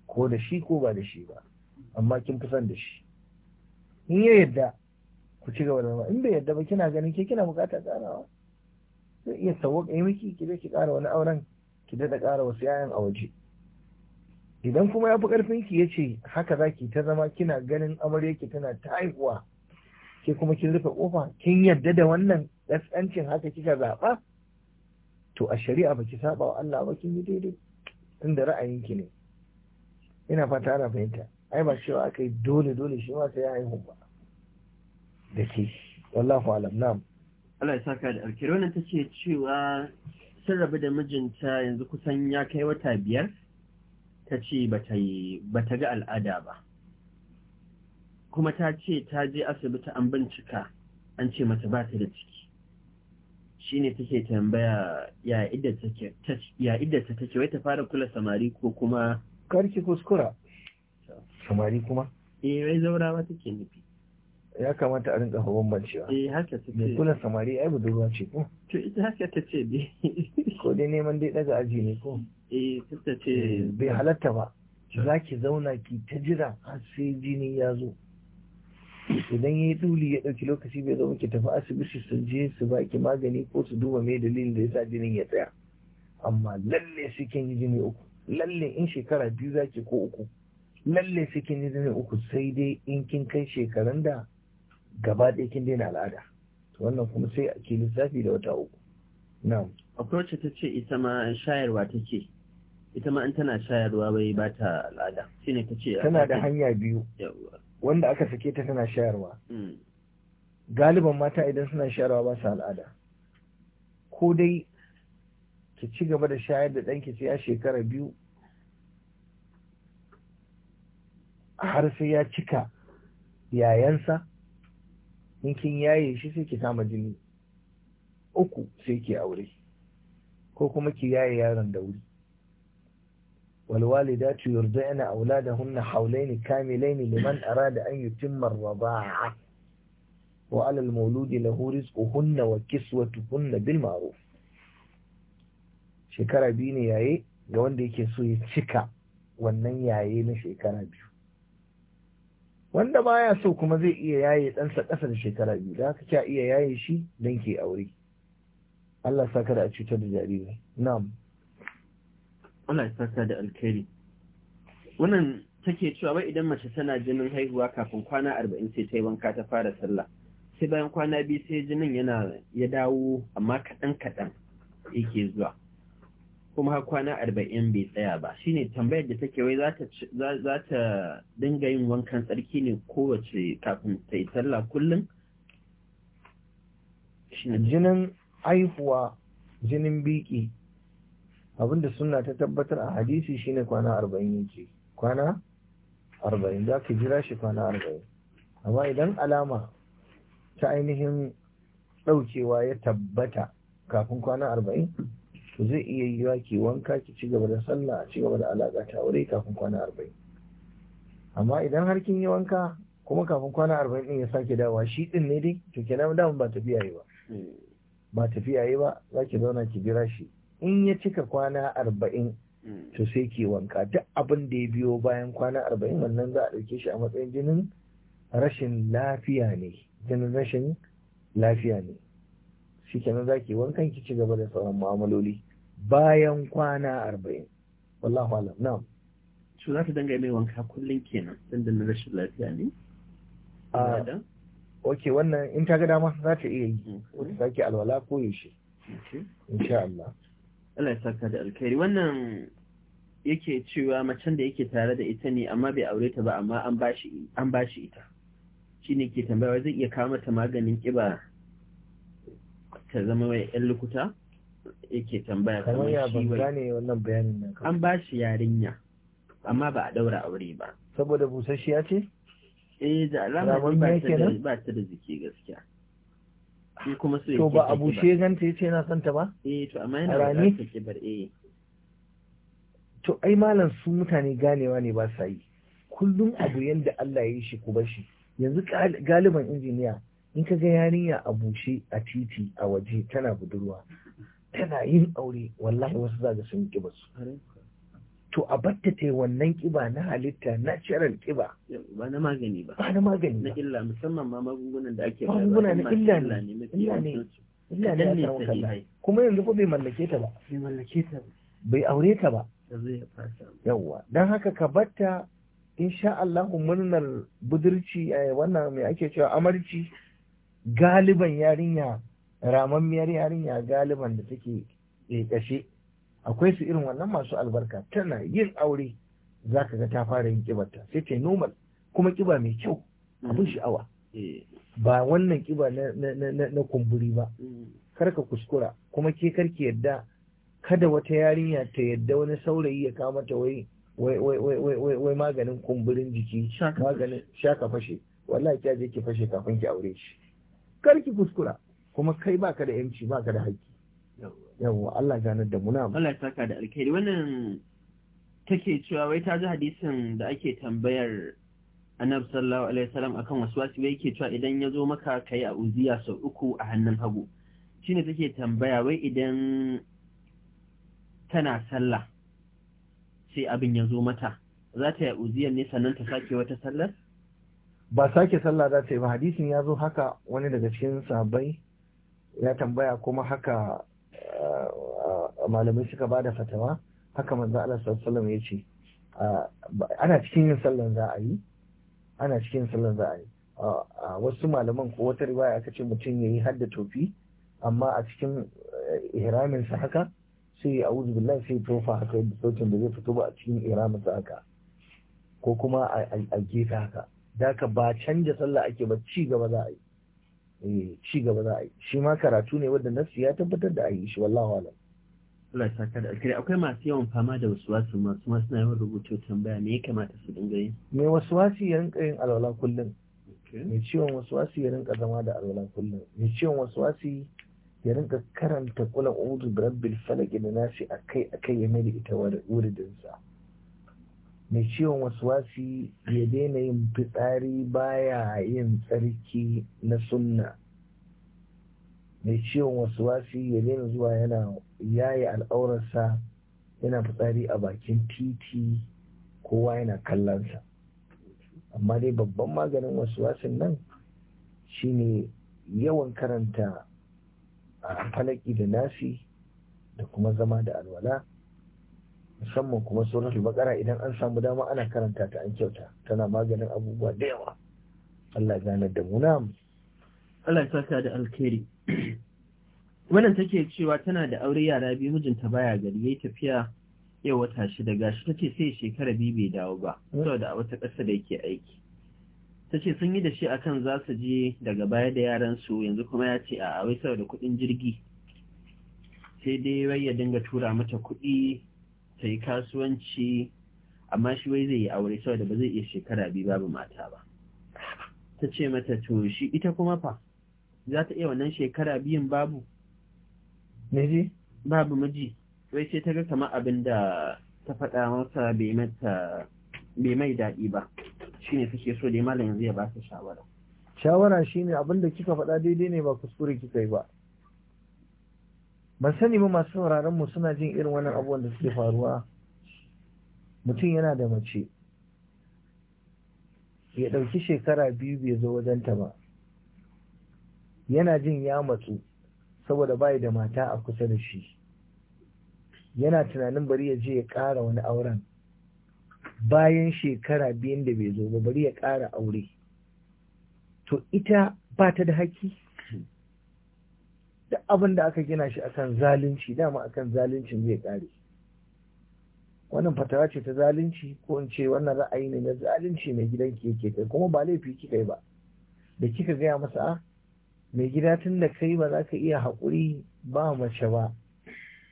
ko da shi ko ba da shi ba amma kin fi son da shi in ya yarda. ku ci gaba da zama in bai yadda ba kina ganin ke kina bukata karawa zai iya sawwaka yi miki ki je ki kara wani auren ki daɗa kara wasu yayan a waje idan kuma ya fi karfin ki ce haka zaki ta zama kina ganin amarya ki tana ta haihuwa ke kuma kin rufe kofa kin yadda da wannan gaskancin haka kika zaɓa to a shari'a baki saba wa Allah ba kin yi daidai tunda ra'ayinki ne ina fata ana fahimta ai ba cewa aka yi dole dole shi ma sai ya haihu ba da ke wallahu alam na'am Allah ya saka da alkhairi wannan ce cewa sun rabu da mijinta yanzu kusan ya kai wata biyar ta ce ba ta ga al'ada ba kuma ta ce ta je asibiti an bincika an ce mata ba ta da ciki shi ne take tambaya ya idda ta take wai ta fara kula samari ko kuma karki kuskura samari kuma eh wai zaurawa take nufi ya kamata a rinka bambancewa eh haka ta ce kula samari ai budurwa ce ko to ita haka ta ce dai ko dai neman dai daga aji ne ko eh ta ce eh, bai halatta ba za ki zauna ki ta jira har sai jini ya zo idan ya yi duli ya ɗauki lokaci bai zo miki tafi asibiti su je su ba ki magani ko su duba mai dalilin da ya sa jinin ya tsaya amma lalle sai kin yi jini uku lalle in shekara biyu zaki ko uku lalle sai kin yi jini uku sai dai in kin kai shekaran da gaba ɗaya kin daina al'ada wannan kuma sai a ke lissafi da wata uku na'am akwai wacce ta ce ita ma shayarwa take ita ma in tana shayarwa bai ba ta al'ada ne ta ce tana da hanya biyu wanda aka sake ta tana shayarwa mm. galiban mata idan suna shayarwa ba su al'ada ko dai ki ci gaba da shayar da ɗanki sai ya shekara biyu har sai ya cika yayansa in kin yaye shi sai ki kama jini uku sai ki aure ko kuma ki yaye yaron da wuri wal walidatu yurdina auladahunna hawlaini kamilaini liman arada an yutimma ar-rida'a wa 'ala al-mawludi lahu rizquhunna wa kiswatuhunna bil ma'ruf shekara biyu ne yaye ga wanda yake so ya cika wannan yaye na shekara biyu wanda baya so kuma zai iya yaye ɗansa ƙasa da shekara biyu da haka kya iya yaye shi don ke aure Allah saka da a cutar da jariri. na'am Allah ya saka da alkhairi wannan take cewa bai idan mace tana jinin haihuwa kafin kwana arba'in sai ta yi wanka ta fara sallah sai bayan kwana biyu sai jinin yana ya dawo amma kaɗan kaɗan yake zuwa kuma har kwana arba'in bai tsaya ba shine tambayar da take wai za ta dinga yin wankan tsarki ne kowace kafin ta yi sallah kullum jinin haihuwa jinin biki abinda suna ta tabbatar a hadisi shine kwana arba'in yake kwana arba'in za ka jira shi kwana arba'in amma idan alama ta ainihin ɗaukewa ya tabbata kafin kwana arba'in to zai iya yiwa ki wanka ki ci gaba da sallah a ci gaba da alaƙa ta aure kafin kwana arba'in amma idan har kin yi wanka kuma kafin kwana arba'in din ya sake dawa shi din ne dai to kenan daman ba tafiya yi ba hmm. ba tafiya yi ba za ki zauna ki jira shi in ya cika kwana arba'in hmm. to sai ki wanka duk abin da ya biyo bayan kwana arba'in wannan za a ɗauke shi a matsayin jinin rashin lafiya ne jinin rashin lafiya ne shi kenan za ki wankan ki ci gaba da sauran mu'amaloli bayan kwana arba'in wallahu alam na. su za ta danga mai wanka kullum kenan don da rashin lafiya ne ah, a ok wannan in ta ga dama za ta iya yi wata sake alwala ko yaushe insha Allah Allah ya saka da alkhairi wannan yake cewa macen da yake tare da ita ne amma bai aure ta ba amma an bashi an bashi ita ne ke tambaya zai iya kawo mata maganin kiba ta zama mai yan lukuta yake tambaya kamar ya ban wannan bayanin nan an ba shi yarinya amma ba a daura aure ba saboda busasshiya ce eh da alamar ba ta da ba ta da jiki gaskiya shi kuma su to ba a bushe ganta yace yana son ta ba eh to amma yana da ta bar eh to ai malam su mutane ganewa ne ba sa yi kullum abu yanda Allah ya yi shi ku bar shi yanzu galiban injiniya in ka ga yarinya a bushe a titi a waje tana budurwa tana yin aure wallahi wasu za ga sun kiba su to a batta ta wannan kiba na halitta na natural kiba ba na magani ba ba na magani na illa musamman ma magungunan da ake magunguna na illa ne illa ne illa ne a karan kuma yanzu ko bai mallake ta ba bai mallake ta ba bai aure ta ba yawwa don haka ka batta insha Allah murnar budurci eh, wannan mai ake cewa amarci galiban yarinya ramammiyar yarinya galiban da take ƙashe akwai su irin wannan masu albarka tana yin aure za ka ga ta fara yin kibarta sai ta normal kuma kiba mai kyau abin mm. sha'awa eh. ba wannan ƙiba na kumburi ba mm. kar ka kuskura kuma ke karki yadda kada wata yarinya ta yadda wani saurayi ya kama ta wai wai maganin kumburin jiki maganin sha ka fashe wallahi ki ki fashe kafin ki aure shi kar ki kuskura kuma kai baka da yanci baka da haƙƙi yawwa Allah ganar da muna ba. Allah ya saka da alkhairi wannan take cewa wai ta ji hadisin da ake tambayar annabi sallallahu alaihi wasallam akan waswasi wai yake cewa idan ya zo maka kai a uziya sau uku a hannun hagu shine take tambaya wai idan tana sallah sai abin ya zo mata za ta yi uziyar ne sannan ta sake wata sallar ba sake sallah za ta yi ba hadisin ya zo haka wani daga cikin sahabbai ya tambaya kuma haka eh, malamai suka ba da fatawa haka manzo Allah sallallahu ya ce ah, ana cikin yin sallan za a yi ana cikin sallan za a yi ah, ah, wasu malaman ko wata riwaya aka ce mutum yayi hadda tofi amma a cikin eh, ihramin sa haka sai ya auzu billahi sai tofa haka yadda sautin da zai fito ba a cikin ihramin sa haka ko kuma a gefe haka da ka ba canja sallah ake ba ci gaba za a yi Eh, ci gaba za a yi shi ma karatu ne wanda nafsi ya tabbatar da a yi shi wallahu alam Allah ya saka da alkhairi akwai masu yawan fama da wasuwasu masu ma suna yawan rubuta tambaya me ya kamata su dinga yi me waswasi ya rinka yin alwala kullum me ciwon waswasi ya rinka zama da alwala kullum me ciwon waswasi ya rinka karanta kula udu bi rabbil falaq da nasi akai akai ya mai da ita wuridin sa mai ciwon waswasi ya daina yin fitsari baya yin tsarki na sunna mai ciwon waswasi ya daina zuwa yana yaye al'aurarsa yana fitsari a bakin titi kowa yana kallonsa amma dai babban maganin waswasin nan shine yawan karanta a falaki da nasi da kuma zama da alwala musamman kuma suratul bakara idan an samu dama ana karanta ta an kyauta tana maganin abubuwa da yawa Allah ya gane da mu Allah ya saka da alkhairi wannan take cewa tana da aure yara biyu mijinta baya gari yayi tafiya yau wata shida gashi tace sai shekara biyu bai dawo ba saboda a wata ƙasa da yake aiki tace sun yi da shi akan za su je daga baya da yaran su yanzu kuma ya ce a wai saboda kuɗin jirgi sai dai wai ya dinga tura mata kuɗi ta yi kasuwanci amma shi wai zai yi aure saboda ba zai iya shekara biyu babu mata ba ta ce mata to shi ita kuma fa za ta iya wannan shekara biyun babu miji babu miji wai sai ta ga kamar abin da ta faɗa masa bai mai daɗi ba Shi ne take so dai malam yanzu ya ba ta shawara shawara shine abin da kika faɗa daidai ne ba kuskure kika yi ba ban sani ba masu sauraron mu suna jin irin wannan abubuwan da suke faruwa mutum yana da mace ya ɗauki shekara biyu bai zo wajenta ba yana jin ya matsu saboda bai da mata a kusa da shi yana tunanin bari ya je ya ƙara wani auren bayan shekara biyun da bai zo ba bari ya ƙara aure to ita ba ta da haƙƙi duk abin da aka gina shi akan zalunci dama akan zaluncin zai kare wannan fatawa ce ta zalunci ko in ce wannan ra'ayi ne na zalunci mai gidan ki yake kai kuma ba laifi kika yi ba da kika gaya masa a ah, mai gida tun da kai ba za ka iya haƙuri ba mace ba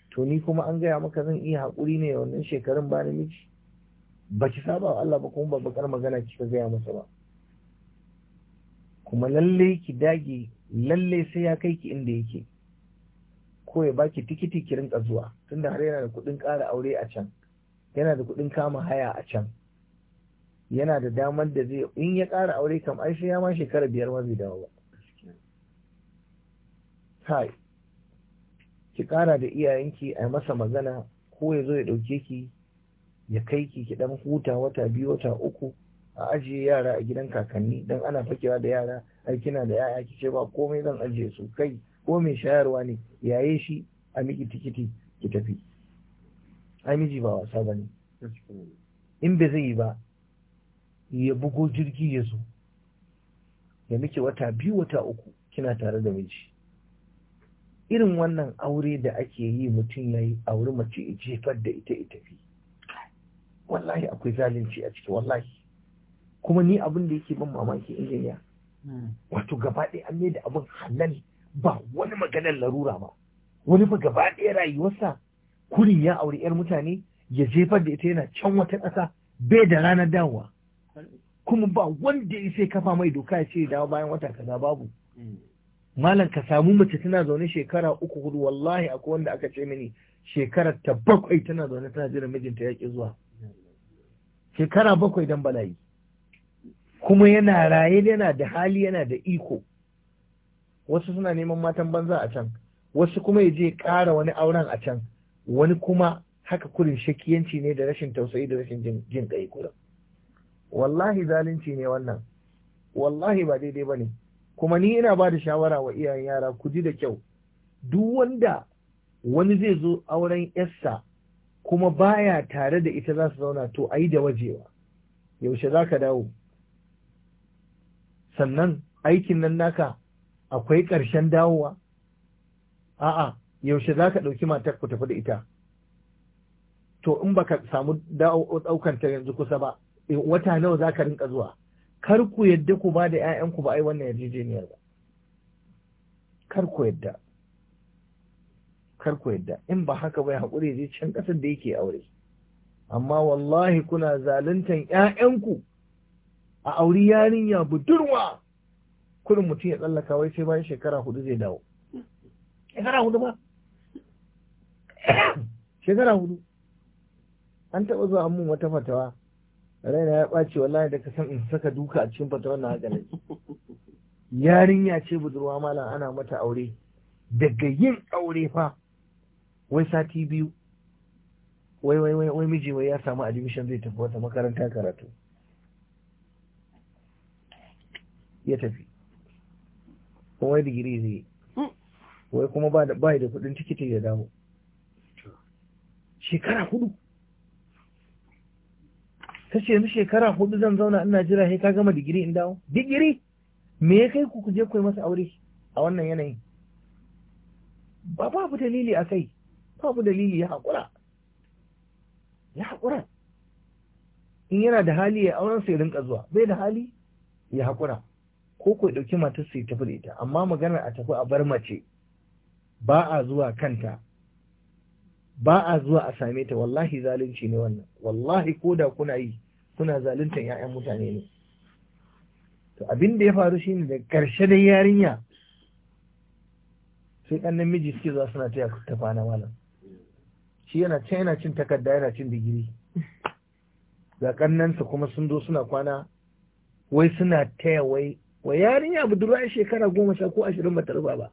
to ni kuma an gaya maka zan iya haƙuri ne wannan shekarun ba miji ba ki saba wa Allah ba kuma ba bakar magana kika gaya masa ba kuma lallai ki dage lalle sai ya kai ki inda yake ko ya baki tikiti ki rinka zuwa tunda har yana da kuɗin ƙara aure a can yana da kuɗin kama haya a can yana da damar da zai in ya ƙara aure kam ai sai ya ma shekara biyar ma zai dawo ba kai ki ƙara da iyayenki a masa magana ko ya zo ya ɗauke ki ya kai ki ki ɗan huta wata biyu wata uku a ajiye yara a gidan kakanni don ana fakewa da yara ai kina da yaya ki ce ba komai zan ajiye su kai ko mai shayarwa ne yaye shi a miki tikiti ki tafi ai miji ba wasa bane in bai zai yi ba ya bugo jirgi ya zo ya miki wata biyu wata uku kina tare da miji irin wannan aure da ake yi mutum ya yi aure mace jefar da ita ita fi wallahi akwai zalunci a ciki wallahi kuma ni abin da yake ban mamaki injiniya hmm. wato gaba ɗaya an mai da abin halal ba wani maganar larura ba wani fa gaba ɗaya rayuwarsa kurin ya auri 'yar mutane ya jefar da ita yana can wata ƙasa bai da ranar dawowa kuma ba wanda ya sai kafa mai doka ya ce dawo bayan wata kaza babu hmm. malam ka samu mace tana zaune shekara uku hudu wallahi akwai wanda aka ce mini shekarar ta bakwai tana zaune tana jiran mijinta ya ke zuwa hmm. shekara bakwai dan bala'i kuma yana raye yana da hali yana da iko wasu suna neman matan banza a can wasu kuma ya je ƙara wani auren a can wani kuma haka kurin shakiyanci ne da rashin tausayi da rashin jin ƙai kurin wallahi zalunci ne wannan wallahi ba daidai ba ne kuma ni ina ba da shawara wa iyayen yara ku ji da kyau duk wanda wani zai zo auren yarsa kuma baya tare da ita za su zauna to a yi da wajewa yaushe za ka dawo sannan aikin nan naka akwai ƙarshen dawowa a'a yaushe za ka ɗauki matar ku tafi da ita to in baka samu ɗaukan ta yanzu kusa ba eh, wata nawa za ka rinka zuwa kar ku yadda ku ba da 'ya'yanku ba ai wannan yarjejeniyar ba kar ku yadda kar ku yadda in ba haka bai haƙuri zai can ƙasar da yake aure amma wallahi kuna zaluntan 'ya'yanku a auri yarinya budurwa kurin mutum ya tsallaka wai sai bayan shekara hudu zai dawo shekara hudu ba shekara hudu an taɓa zuwa mun wata fatawa raina ya ɓaci wallahi da kasan in saka duka a cikin fatawar na haka yarinya ce budurwa mala ana mata aure daga yin aure fa wai sati biyu wai wai wai miji wai ya samu admission zai tafi wata makaranta karatu ya tafi kuma digiri zai hmm. wai kuma ba da kudin tikiti ya dawo shekara hudu ta ce yanzu shekara hudu zan zauna ina jira sai ka gama digiri in dawo digiri me ya kai ku je kai masa aure a wannan yanayin ba babu dalili a kai babu dalili ya haƙura ya hakura in yana da hali ya auren sai rinka zuwa bai da hali ya haƙura ko ku ɗauki mata su tafi da ita amma maganar a tafi a bar mace ba a zuwa kanta ba a zuwa a same ta wallahi zalunci ne wannan wallahi ko da kuna yi kuna zaluntar 'ya'yan mutane ne to abin da ya faru shine da ƙarshe da yarinya sai ɗan namiji suke zuwa suna taya ta kwana malam shi yana can yana cin takarda yana cin digiri ga ƙannansa kuma sun zo suna kwana wai suna taya wai wa yarinya budurwa ya shekara goma sha ko ashirin ba ta rufa ba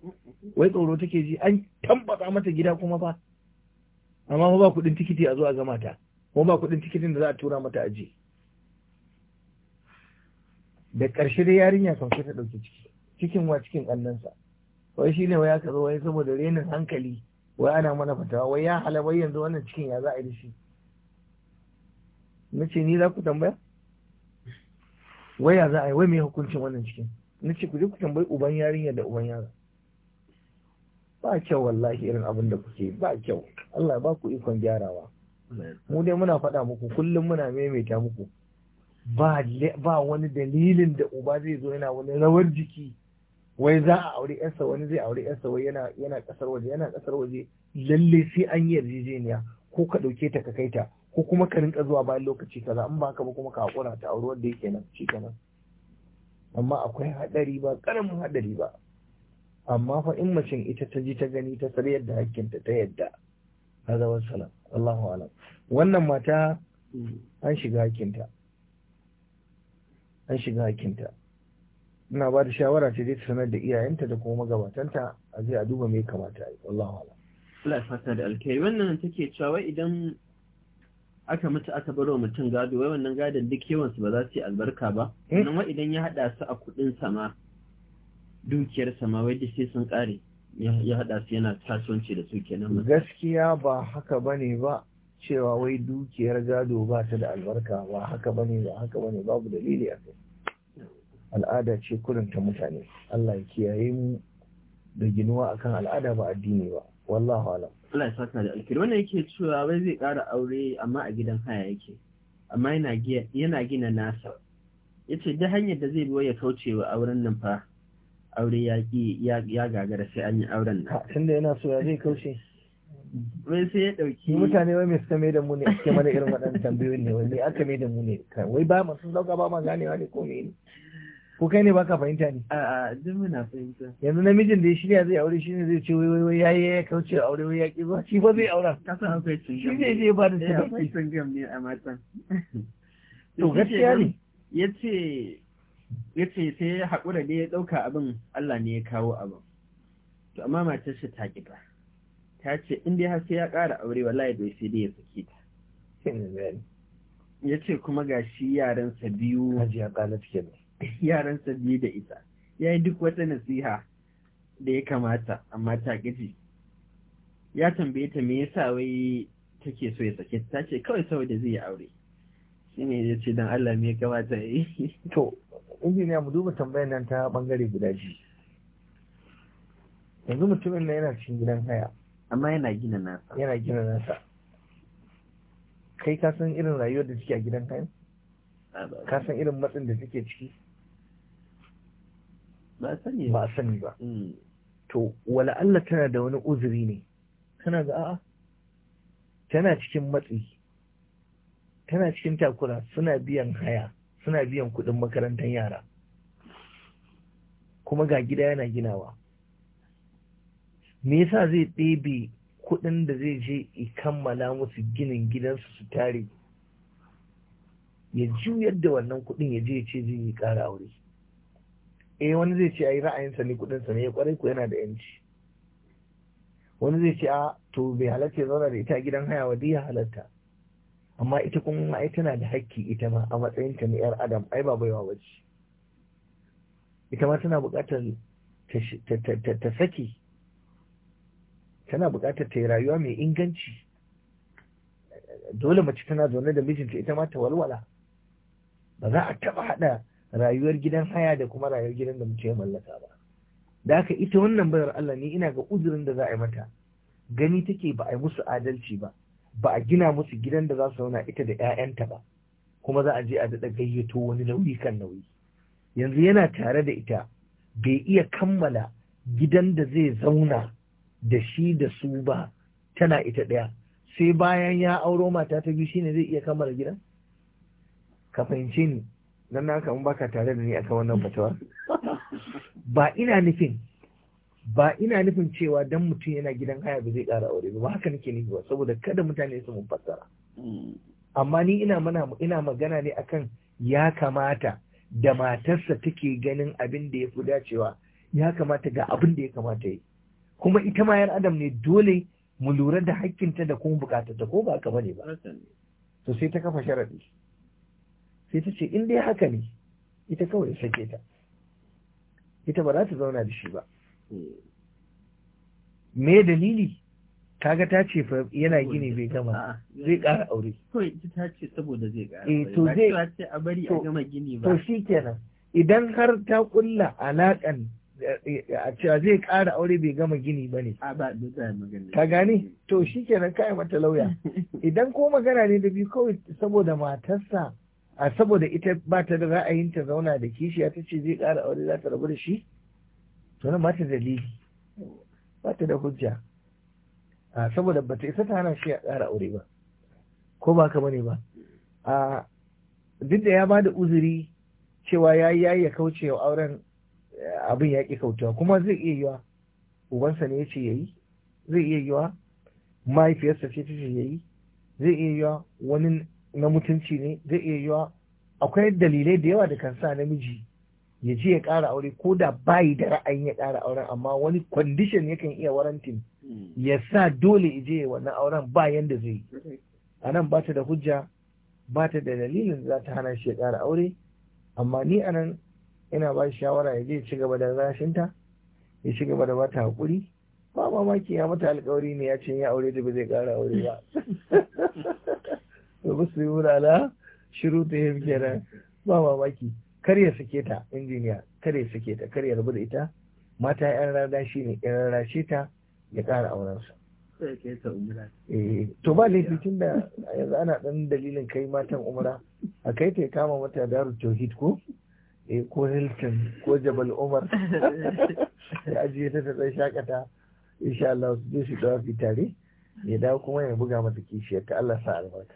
wai tsoro take ji an tambata mata gida kuma fa amma ba kuɗin tikiti a zo a ta ko ba kuɗin tikitin da za a tura mata a aji da ƙarshe dai yarinya sauke ta dauki ciki cikin wa cikin ƙannansa wai shi ne wai aka zo wai saboda renin hankali wai ana mana fatawa wai ya hala yanzu wannan cikin ya za a yi da shi Mace ni za ku tambaya waya za a yi wai mai hukuncin wannan cikin na ce ku je ku tambayi uban yarinya da uban yara ba kyau wallahi irin abin da kuke ba kyau Allah ba ku ikon gyarawa mu dai muna faɗa muku kullum muna maimaita muku ba wani dalilin da uba zai zo yana wani rawar jiki wai za a aure yarsa wani zai aure yarsa wai yana yana kasar waje yana kasar waje lalle sai an yi yarjejeniya ko ka ɗauke ta ka kai ta ko kuma ka rinka zuwa bayan lokaci kaza in ba ka ba kuma ka hakura ta auri wanda yake nan shi kenan amma akwai hadari ba karamin hadari ba amma fa in mace ita ta ji ta gani ta sar yadda hakkinta ta yadda kaza wa salam Allahu alam wannan mata an shiga hakkinta an shiga hakkinta ina ba da shawara ce dai ta sanar da iyayenta da kuma magabatanta a je a duba me kamata yi Allahu alam Allah ya fata da alkai wannan take cewa idan aka mutu aka bar wa mutum gado wai wannan gadon duk yawansu ba za su yi albarka ba eh? nan wai idan ya hada su a kudin sama dukiyar sama wai da sai sun kare ya hada su yana kasuwanci da su kenan gaskiya ba haka bane ba cewa wai dukiyar gado ba ta da albarka ba haka bane ba haka bane babu dalili a kai al'ada ce kudin ta mutane Allah ya kiyaye mu da ginuwa akan al'ada ba addini ba wallahu alam Allah ya saka da alkhairi wannan yake cewa wai zai ƙara aure amma a gidan haya yake amma yana gina nasa ya ce da hanyar da zai bi ya kauce wa auren nan fa aure ya gagara sai an yi auren nan tunda yana so ya zai kauce wai sai ya dauki mutane wai me suka mai da mu ne ake mana irin waɗannan tambayoyin ne wai aka mai da mu ne wai ba mu sun dauka ba ma ganewa ne ko ne ko kai ne baka fahimta ne a duk muna fahimta yanzu namijin da ya shirya zai aure shi ne zai ce wai wai ya yi ya kauce aure wai ya ki ba shi ba zai aura ka san akwai cin shi ne zai ba da cin eh, akwai cin gam ne a matan to gaskiya ne ya ce sai ya haƙura da ya ɗauka abin Allah ne ya kawo abin to amma matar shi ta kiba ta ce in dai har sai ya ƙara aure wallahi bai sai dai ya saki ta ya ce kuma ga shi yaransa biyu hajiya ƙalat kenan yaransa biyu da ita ya yi duk wata nasiha da ya kamata amma ta gaji ya tambaye ta me yasa wai take so ya sake ta ce kawai saboda zai yi aure shi ne ya ce dan Allah me ya kamata ya yi to injiniya mu duba tambayar nan ta bangare guda biyu yanzu mutumin nan yana cikin gidan haya amma yana gina nasa yana gina nasa kai ka san irin rayuwar da suke a gidan haya ka san irin matsin da suke ciki ba sani ba sani ba mm. to wala Allah tana da wani uzuri ne tana ga a'a tana cikin matsi tana cikin takura suna biyan haya suna biyan kuɗin makarantar yara kuma ga gida yana ginawa me yasa zai ɗebe kuɗin da zai je i kammala musu ginin gidansu su tare ya juyar da wannan kuɗin ya je ce zai yi ƙara aure eh wani zai ce ai ra'ayinsa ne kudin ne ya kwarai ko yana da yanci wani zai ce a to bai halarta ya zauna da ita a gidan haya wa ya halarta. amma ita kuma ai tana da hakki ita ma a matsayinta na yar adam ai ba baiwa wace ita ma tana buƙatar ta saki tana buƙatar ta yi rayuwa mai inganci dole mace tana zaune da mijinta ita ma ta walwala ba za a taɓa haɗa rayuwar gidan haya da kuma rayuwar gidan da mutum ya mallaka ba da haka ita wannan bayar Allah ne ina ga uzurin da za a yi mata gani take ba a yi musu adalci ba ba a gina musu gidan da za su zauna ita da 'ya'yanta ba kuma za a je a daɗa gayyato wani nauyi kan nauyi yanzu yana tare da ita bai iya kammala gidan da zai zauna da shi da su ba tana ita ɗaya sai bayan ya auro mata ta biyu shine zai iya kammala gidan ka fahimce ni Na na baka tare da ni kan wannan fatawa ba ina nufin ba ina nufin cewa dan mutum yana gidan haya ba zai ƙara aure ba haka nake nufi ba saboda kada mutane su mun fassara mm. amma ni ina mana ina magana ne akan ya kamata da matarsa take ganin abin da ya fi dacewa ya kamata ga abin da ya kamata yi kuma ita ma yar adam ne dole mu lura da hakkinta da kuma bukatarta ko ba haka bane ba to sai ta kafa sharadi sai ta ce in dai haka ne ita kawai ya sake ta ita ba za ta zauna da shi ba me dalili kaga ta ce fa yana gini bai gama zai kara aure to ita ta ce saboda zai kara eh, aure to zai ce a bari a gama gini ba to kenan idan har ta kulla alaƙan eh, a cewa zai kara aure bai gama gini ba ne. Ka gane? To shi kenan kai mata lauya. Idan ko magana ne da biyu kawai saboda matarsa a saboda ita ba ta da ra'ayin ta zauna da kishiya ta ce zai ƙara aure za ta rabu da shi to nan ba ta dalili ba ta da hujja a saboda ba ta isa ta hana shi ya ƙara aure ba ko ba ka bane ba a duk da ya ba da uzuri cewa ya yi ya kauce wa auren eh, abin ya ƙi kautuwa kuma zai iya yiwa ubansa ne ya ce ya yi zai iya yiwa mahaifiyarsa ce ta ce ya yi zai iya yiwa wani na mutunci ne zai iya yiwa akwai dalilai da yawa da kan sa namiji ya je ya kara aure ko da bayi da ra'ayin ya ƙara auren amma wani condition yakan iya warantin hmm. ya sa dole ya je wannan auren ba yanda zai a nan ba ta da hujja ba ta da dalilin za ta hana shi ya ƙara aure amma ni a nan ina ba shawara ya je ci gaba da rashinta ya ci gaba da bata haƙuri ba mamaki ya mata alkawari ne ya ce ya aure da ba zai ƙara aure ba wa shiru ala shurutihim kenan ba mamaki kar ya sake ta injiniya kar ya sake ta kar ya rabu da ita mata yan rada shi ne yan shi ta ya ƙara auren eh, to ba laifi tun da yanzu ana ɗan dalilin kai matan umra a kai ta kama mata daru tauhid ko eh, ko hilton ko jabal umar ya ajiye ta ta shakata insha Allah su je su dawa tare ya dawo kuma ya buga mata kishiyar ta Allah sa albarka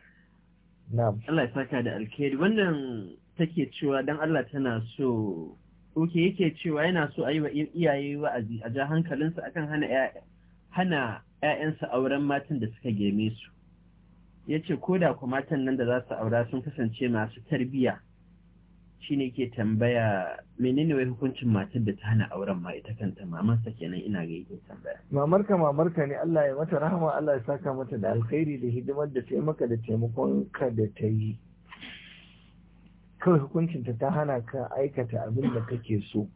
Allah ya saka da alkhairi wannan take cewa dan Allah tana so oke yake cewa yana so a yi wa iyaye wa'azi a ja hankalinsa akan hana hana auren matan da suka geme su. Ya ce, ko da ku matan nan da za su aura sun kasance masu tarbiyya shine ke tambaya menene wai hukuncin matar da ta hana auren ma ita kanta mamarsa kenan ina ga yake tambaya mamarka mamarka ne Allah ya mata rahama Allah ya saka mata da alkhairi da hidimar da taimaka da taimakon ka da ta yi kawai hukuncin ta ta hana ka aikata abin da kake so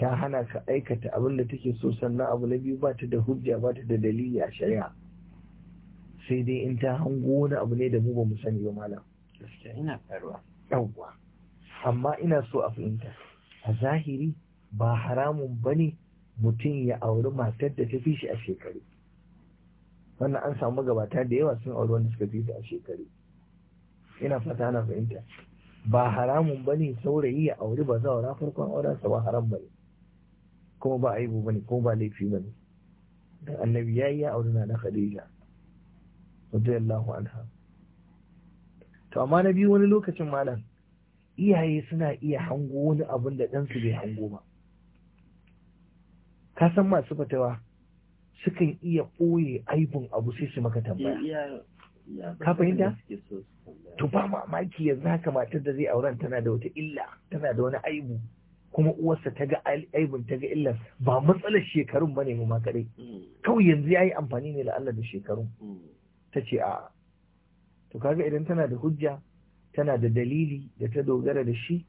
ta hana ka aikata abin da take so sannan abu na biyu ba ta da hujja ba ta da dalili a shari'a sai dai in ta hango wani abu ne da mu ba mu sani ba malam gaskiya ina faruwa yawwa amma ina so a fahimta a zahiri ba haramun ba ne mutum ya auri matar da ta fi shi a shekaru wannan an samu gabata da yawa sun auri wanda suka fi shi a shekaru ina fata ana fahimta ba haramun ba ne saurayi ya auri ba za wara farkon sa ba haram ba ne kuma ba a yi ba bane kuma ba laifi bane dan annabi ya yi ya auri na Khadija radiyallahu anha to amma na biyu wani lokacin malam iyaye suna iya hango wani abun da ɗansu bai hango ba ka san masu fatawa sukan iya ɓoye aibun abu sai su maka tambaya eh, ka fahimta to ba mamaki yanzu haka matar da zai auren tana da wata illa tana da wani aibu kuma uwarsa ta ga aibun ta ga illar ba matsalar shekarun bane mu ma kadai mm. kawai yanzu yayi amfani ne la'alla da shekarun mm. ta ce a to kaga idan tana da hujja tana da dalili da ta dogara da shi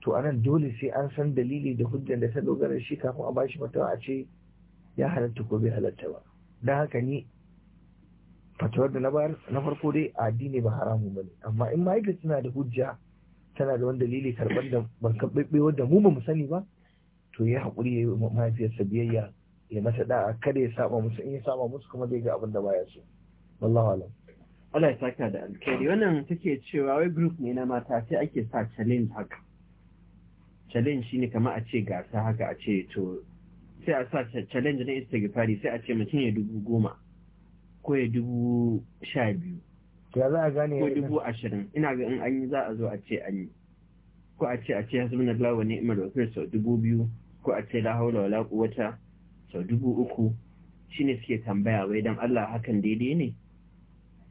to anan dole sai an san dalili da hujjan da ta dogara da shi kafin a bashi fatawa a ce ya halatta ko bai halatta ba don haka ni fatawar da na farko dai a addini ba haramu ba ne amma in ma'aikata tana da hujja tana da wani dalili karɓar da ban karɓaɓɓe da mu ba mu sani ba to ya haƙuri ya yi mahaifiyarsa biyayya ya mata da'a kada ya saba musu in ya saba musu kuma zai ga abin da baya so wallahu alam Allah ya saka da alkhairi wannan take cewa wai group ne na mata sai ake sa challenge haka challenge shine kamar a ce gasa haka a ce to sai a sa challenge na istighfari sai a ce mutum ya dubu goma ko ya dubu sha biyu ya za a gane ko dubu ashirin ina ga in an yi za a zo a ce an yi ko a ce a ce lawa ne imar wakil sau dubu biyu ko a ce la haula wala quwwata sau dubu uku shine suke tambaya wai dan Allah hakan daidai ne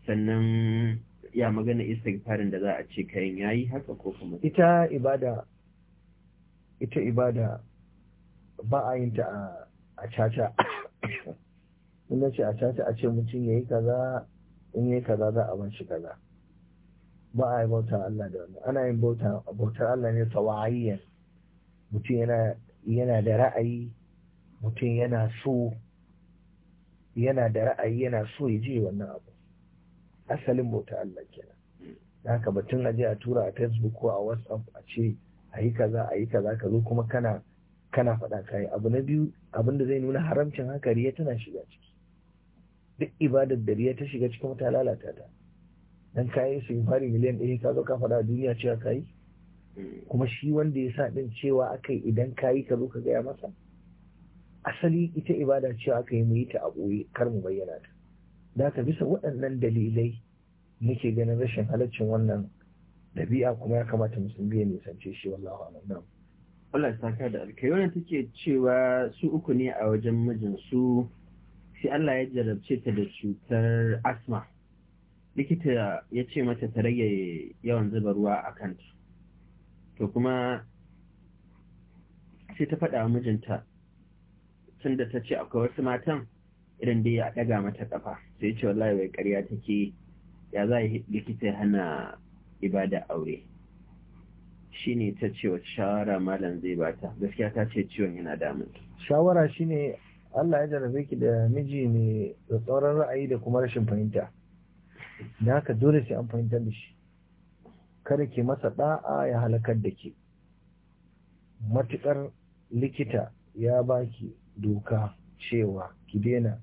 sannan ya magana istighfarin da za a ce kayan yayi haka ko kuma ita ibada ita ibada ba a yin ta a caca inda ce a caca a ce mutum yayi kaza in yayi kaza za a ban shi kaza ba a yi bauta Allah da wani ana yin bauta bautar Allah ne tawayyan mutum yana yana da ra'ayi mutum yana so yana da ra'ayi yana so ya je wannan abu asalin bauta Allah kenan da haka batun aje a tura a facebook ko a whatsapp a ce a yi kaza a yi kaza ka zo kuma kana kana faɗa kayi abu na biyu abin da zai nuna haramcin haka riya tana shiga ciki duk ibadar da riya ta shiga ciki kuma ta lalata ta dan kai su fari miliyan ɗaya ka zo ka faɗa duniya cewa kayi kuma shi wanda ya sa din cewa aka yi idan ka yi ka zo ka gaya masa asali ita ibada cewa aka yi mu yi ta a ɓoye kar mu bayyana ta da ka bisa waɗannan dalilai muke ganin rashin halaccin wannan ɗabi'a kuma ya kamata musulmi ya nisance shi wallahu a'lam Allah saka da alkai wannan take cewa su uku ne a wajen mijin su sai Allah ya jarabce ta da cutar asma likita ya ce mata ta rage yawan zuba ruwa a kanta to kuma sai ta faɗa mijinta tunda ta ce akwai wasu matan irin dai a ɗaga mata ƙafa sai ce wallahi bai ƙarya take ya za likita hana ibada aure Shi ne ta ce shawara malam zai bata gaskiya ta ce ciwon yana damun shawara shine Allah ya jarabe ki da miji ne da tsoron ra'ayi da kuma rashin fahimta da haka dole sai an fahimta da shi kada ke masa da'a ya halakar da ke matukar likita ya baki doka cewa ki daina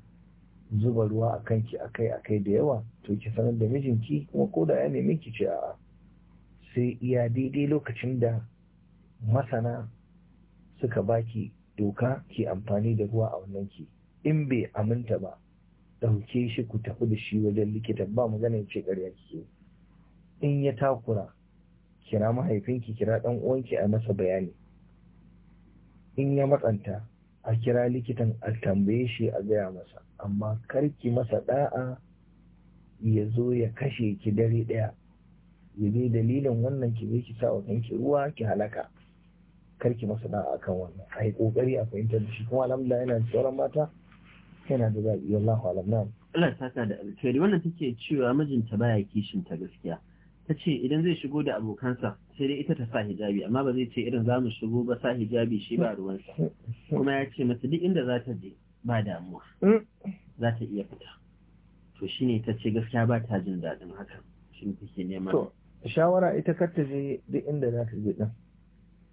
zuba ruwa a kanki akai akai da yawa to ki sanar da mijinki kuma ko da ya nemi ki ce a sai iya daidai lokacin da masana suka baki doka ki amfani da ruwa a wannan ki in bai aminta ba ɗauke shi ku tafi da shi wajen likita ba magana ce ƙarya kike in ya takura kira mahaifinki kira ɗan uwanki a masa bayani in ya matsanta a kira likitan a tambaye shi a gaya masa amma karki masa da'a ya zo ya kashe ki dare daya ya bi dalilin wannan ki zai ki sa wa kanki ruwa ki halaka karki masa da'a akan wannan a yi kokari a fahimtar da shi kuma alhamdulillah yana da sauran mata yana da zaɓi wallahu alam na Allah ya saka da alkhairi wannan take cewa mijinta baya kishin ta gaskiya ta ce idan zai shigo da abokansa sai dai ita ta sa hijabi amma ba zai ce irin za mu shigo ba sa hijabi shi ba ruwansa kuma ya ce mata duk inda za ta je ba damuwa mm. za ta iya fita to shi ne ta ce gaskiya ba ta jin daɗin hakan shi take neman to shawara ita kar ta je duk inda za ta je din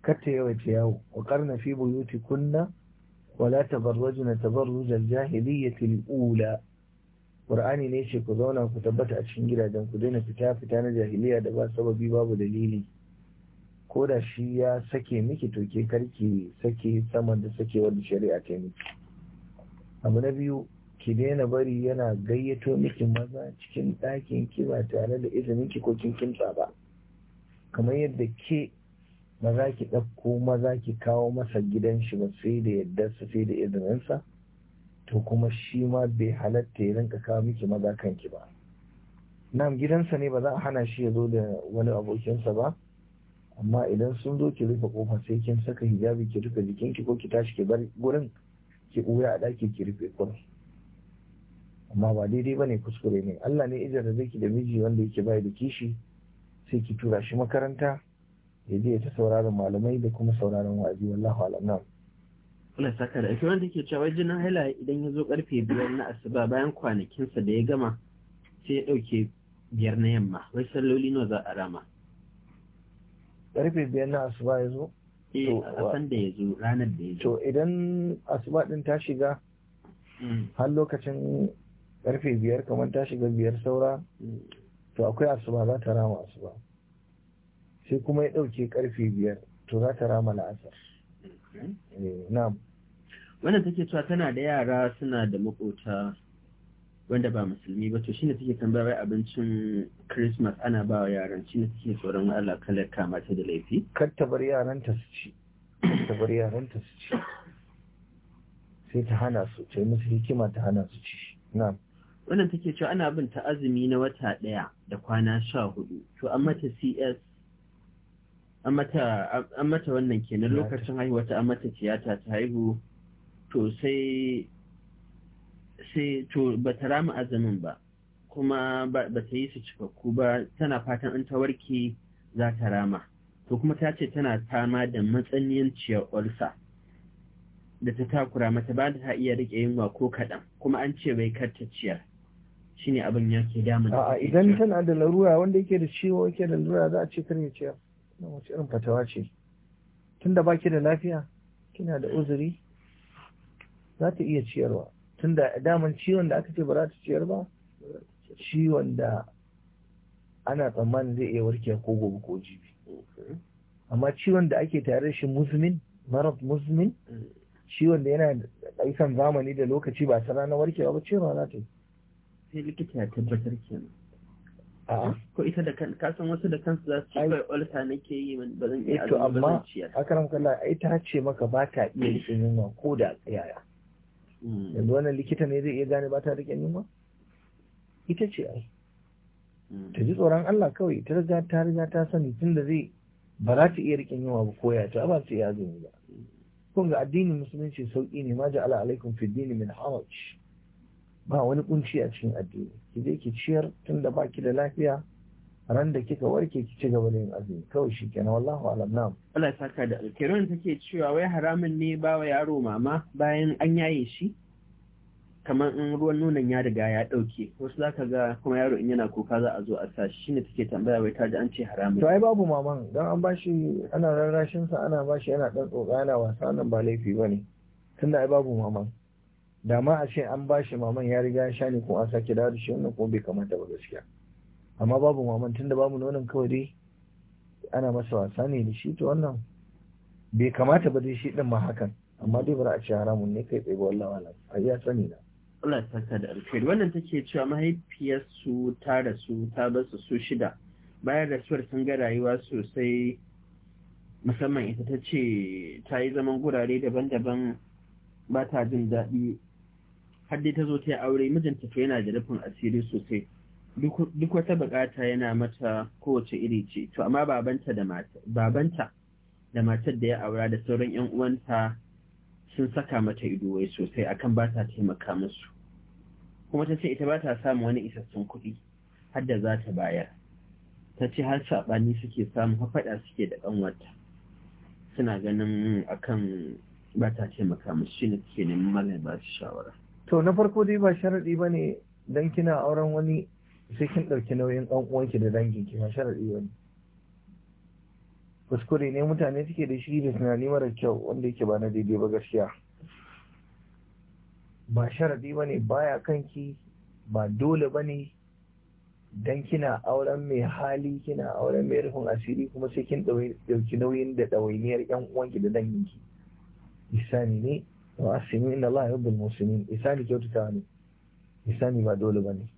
kar ta yawaita yawo wa karna fi buyuti kunna wala bar tabarruj al-jahiliyyati al-ula Qur'ani ne ce ku zauna ku tabbata a cikin gidajen ku daina fita fita na jahiliya da ba sababi babu dalili ko da shi ya sake miki to ke karki sake saman da sake wanda shari'a ta miki abu na biyu ki daina bari yana gayyato miki maza cikin ɗakin ki ba tare da izinin ki ko kin kimtsa ba kamar yadda ke maza ki ɗauko maza ki kawo masa gidan shi ba sai da yadda su sai da izininsa to kuma shi ma bai halatta ya rinka kawo miki maza kanki ba nam gidansa ne ba za a hana shi ya zo da wani abokinsa ba amma idan sun zo ki rufe kofa sai kin saka hijabi ki rufe jikin ki ko ki tashi ki bar gurin ki uya a ɗaki ki rufe gurin amma ba daidai bane kuskure ne Allah ne ijar da ki da miji wanda yake bai da kishi sai ki tura shi makaranta ya je ta sauraron malamai da kuma sauraron wa'azi wallahu alam Allah saka da ake wanda ke cewa jinin haila idan ya zo karfe biyar na asuba bayan kwanakinsa da ya gama sai ya dauke biyar na yamma wai salloli nawa za a rama karfe biyar na asuba ya zo eh, to idan asuba din ta shiga mm. har lokacin karfe biyar kamar ta shiga biyar saura mm. to akwai asuba za ta rama asuba sai kuma ya ɗauke karfe biyar to za ta rama la'asar mm. eh, na'am wanda take cewa tana da yara suna da makota wanda ba musulmi ba to shi ne take tambaya wai abincin christmas ana ba wa yaran shi ne take tsoron allah kalar kama ta da laifi kar ta bar yaran ta su ci ta bar yaran ta su ci sai ta hana su ta yi musu hikima ta hana su ci na'am wannan take cewa ana bin ta azumi na wata ɗaya da kwana sha hudu to an mata cs an mata wannan kenan lokacin haihuwa ta an mata tiyata ta haihu to sai ce to ba ta rama azumin ba kuma ba ta yi su cikakku ba tana fatan an ta warke za ta rama to kuma ta ce tana fama da matsayin ulsa da ta takura mata ba da ta iya rike yunwa ko kaɗan kuma an ce bai karta ciyar shine abin ya ke damun a idan tana da larura wanda yake da ciwo yake da larura za a ce kar ya ciyar na wace irin fatawa ce tunda baki da lafiya kina da uzuri za ta iya ciyarwa tunda daman ciwon da aka ce ba za ta ciyar ba ciwon da ana tsammanin zai iya warkewa ko gobe ko jibi amma ciwon da ake tare shi musulmin marat musulmin ciwon da yana ɗaukan zamani da lokaci ba ta rana warkewa ba ciwon za ta yi sai likita ya tabbatar kenan ko ita da kan kasan wasu da kansu za su ci kai ulta nake yi ba zan iya eh ba ciyar? to amma akaram kalla ai ta ce maka ba ta iya yin yunwa ko da tsayaya. Mm-hmm. yanzu wannan likita ne zai iya gane ba ta riƙe yunwa ita ce ai ta ji mm-hmm. tsoron Allah kawai ta riga ta riga ta sani tun da zai ba za ta iya riƙe yunwa ba koya ta ba ta iya azumi ba mm-hmm. kun ga addinin musulunci sauƙi ne ma ja'ala alaikum fi dini min haraj ba wani kunci a cikin addini ki je ki ciyar tun da baki da lafiya ran da kika warke ki ci gaba da yin azumi kawai shi kenan wallahu alam na. Allah ya saka da alkiran take cewa wai haramun ne ba wa yaro mama bayan an yaye shi kamar in ruwan nonon ya riga ya dauke wasu zaka ga kuma yaro in yana kuka za a zo a sa shi ne take tambaya wai ta ji an ce haramun to ai babu maman dan an bashi ana rarrashin sa ana bashi yana dan tsoka yana wasa nan ba laifi bane tunda ai babu maman da ma a ce an bashi maman ya riga ya sha ne ko a sake dawo da shi wannan ko bai kamata ba gaskiya amma babu maman tun da babu nonon kawai dai ana masa wasa ne da shi to wannan bai kamata ba dai shi din ma hakan amma dai ba a ce haramun ne kai tsaye ba wallahi wala a iya sani na Allah ya saka da alkhairi wannan take cewa mahaifiyarsu ta rasu ta basu su shida bayan rasuwar sun ga rayuwa sosai musamman ita ta ce ta yi zaman gurare daban-daban ba ta jin daɗi har dai ta zo ta yi aure mijinta to yana da rufin asiri sosai duk wata bukata yana mata kowace iri ce to amma babanta da mata babanta da matar da ya aura da sauran yan uwanta sun saka mata ido wai sosai akan ba ta taimaka musu kuma ta ce ita ba ta samun wani isassun kuɗi har da za ta bayar ta ce har saɓani suke samu hafaɗa suke da ƙanwata suna ganin akan ba ta taimaka musu shi ne suke neman malam ba shawara to na farko dai ba sharaɗi ba ne don kina auren wani sai kin ɗauki nauyin ɗan uwanki da danginki ba iya ne kuskure ne mutane suke da shi da tunani mara kyau wanda yake ba na daidai ba gaskiya ba sharaɗi ba ne baya kanki ba dole ba ne don kina auren mai hali kina auren mai rufin asiri kuma sai kin ɗauki nauyin da ɗawainiyar yan uwanki da danginki isani ne wa asimi inna Allah yuhibbul isani kyautatawa ne isani ba dole ba ne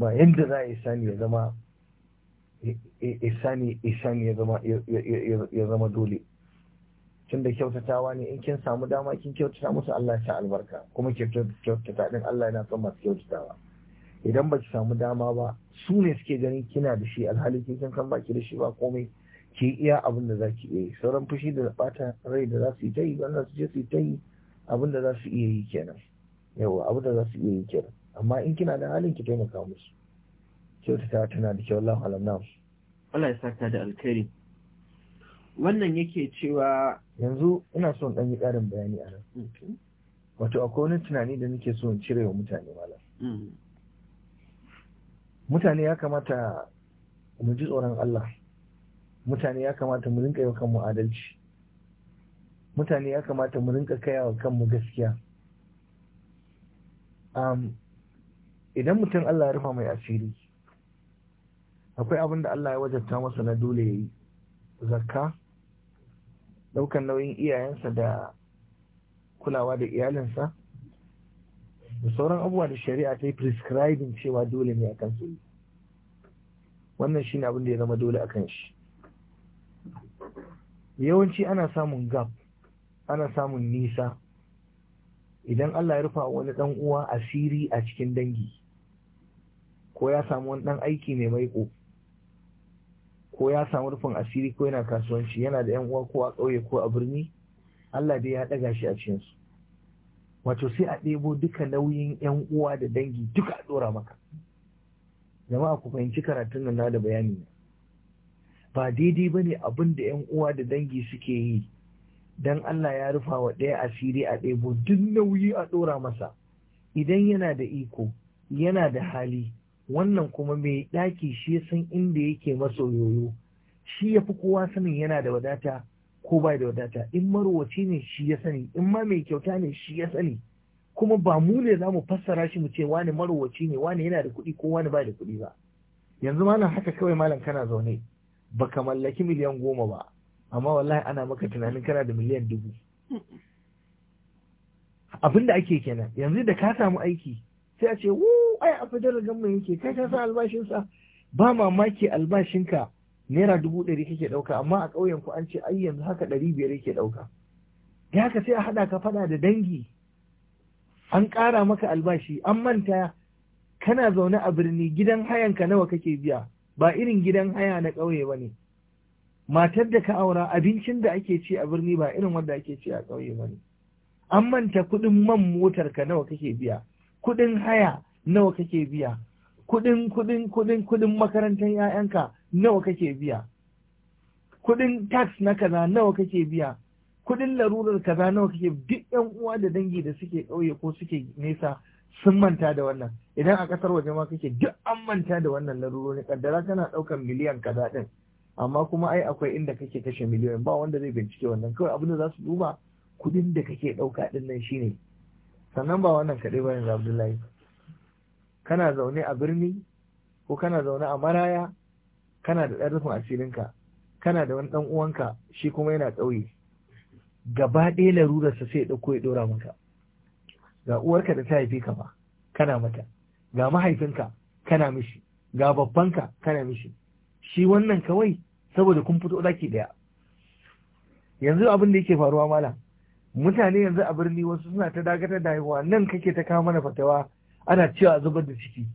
ba yadda za a yi ya zama isani ya zama dole tun da kyautatawa ne in kin samu dama kin kyautata musu Allah ya sa albarka kuma ki kyautata din Allah yana son masu kyautatawa idan ba ki samu dama ba su ne suke ganin kina da shi alhali kin san kan baki da shi ba komai ki iya abin da zaki iya yi sauran fushi da bata rai da za su yi ta yi wannan su je su yi ta yi abin da za su iya yi kenan yawa abin da za su iya yi kenan amma in kina da halin ki taimaka musu kyautata tana da kyau Allahu alam Allah ya saka da alkhairi wannan yake cewa yanzu ina son in yi karin bayani a nan wato akwai wani tunani da nake so in cire wa mutane malam mm. mutane ya kamata mu ji tsoron Allah mutane ya kamata mu rinka yi kanmu adalci mutane ya kamata mu rinka kaiwa wa kanmu gaskiya idan mutum Allah ya rufa mai asiri akwai abin da Allah ya wajabta masa na dole ya yi zakka ɗaukan nauyin iyayensa da kulawa da iyalinsa da sauran abubuwa da shari'a ta yi prescribing cewa dole ne akan su wannan ne abin da ya zama dole akan shi yawanci ana samun gap ana samun nisa idan Allah ya rufa wani dan uwa asiri a cikin dangi ko ya samu wani ɗan aiki mai maiko ko ya samu rufin asiri ko yana kasuwanci yana da 'yan uwa ko a ƙauye ko a birni Allah dai ya ɗaga shi a cikinsu wato sai a ɗebo duka nauyin 'yan uwa da dangi duka a ɗora maka jama'a ku fahimci karatun nan da bayani ba daidai ba ne abin da 'yan uwa da dangi suke yi don Allah ya rufa wa ɗaya asiri a ɗebo duk nauyi a ɗora masa idan yana da iko yana da hali wannan kuma mai ɗaki shi san inda yake masa yoyo shi ya fi kowa sanin yana da wadata ko bai da wadata in marwaci ne shi ya sani in ma mai kyauta ne shi ya sani kuma ba mu ne za mu fassara shi mu ce wani marwaci ne wani yana da kuɗi ko wani bai da kuɗi ba yanzu malam haka kawai malam kana zaune baka mallaki miliyan goma ba amma wallahi ana maka tunanin kana da miliyan dubu abin da ake kenan yanzu da ka samu aiki sai a ce wuu ai a fadar da mu yake kai ka san albashinsa ba mamaki albashinka naira dubu ɗari kake ɗauka amma a ƙauyen ku an ce ai yanzu haka ɗari biyar yake ɗauka Ya ka sai a haɗa ka faɗa da dangi an ƙara maka albashi an manta kana zaune a birni gidan hayan ka nawa kake biya ba irin gidan haya na ƙauye ba ne matar da ka aura abincin da ake ci a birni ba irin wanda ake ci a ƙauye ba ne an manta kuɗin man motar ka nawa kake biya kuɗin haya nawa kake biya kuɗin kuɗin kuɗin kuɗin makarantar 'ya'yanka nawa kake biya kuɗin tax na kaza nawa kake biya kuɗin larurar kaza nawa kake duk yan uwa da dangi da suke ɗauye ko suke nesa sun manta da wannan idan a ƙasar waje ma kake duk an manta da wannan larurori kaddara tana ɗaukar miliyan kaza ɗin amma kuma ai akwai inda kake kashe miliyoyin ba wanda zai bincike wannan kawai abin da za su duba kuɗin da kake ɗauka ɗin nan shine sannan ba wannan kaɗai ba yanzu abdullahi kana zaune a birni ko kana zaune a maraya kana da ɗan rufin asirinka kana da wani ɗan uwanka shi kuma yana ƙauye gaba ɗaya sa sai ya ɗauko ya ɗora maka ga uwarka da ta haife ka ba kana mata ga mahaifinka kana mishi ga babbanka kana mishi shi wannan kawai saboda kun fito ɗaki ɗaya yanzu abin da yake faruwa malam mutane yanzu a birni wasu suna ta dagatar da haihuwa nan kake ta kawo mana fatawa ana cewa zubar da ciki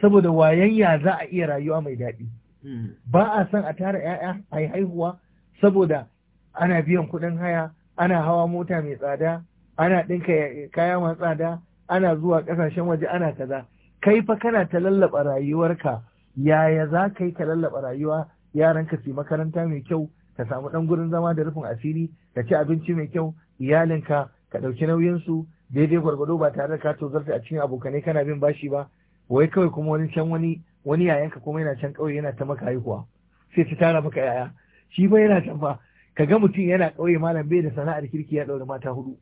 saboda wayan ya za a iya rayuwa mai daɗi hmm. ba a son a tara 'ya'ya a haihuwa saboda ana biyan kuɗin haya ana hawa mota mai tsada ana ɗinka kaya masu tsada ana zuwa ƙasashen waje ana kaza kai fa kana ta lallaɓa rayuwarka yaya za ka yi ka lallaɓa rayuwa yaranka su makaranta mai kyau ka samu ɗan gurin zama da rufin asiri ka ci abinci mai kyau iyalinka ka ɗauki nauyinsu daidai gwargwado ba tare da ka tozarta a cikin abokanai kana bin bashi ba wai kawai kuma wani can wani wani yayanka kuma yana can ƙauye yana ta maka haihuwa sai ta tara maka yaya shi ba yana can fa ka ga mutum yana ƙauye malam bai da sana'ar kirki ya ɗaure mata hudu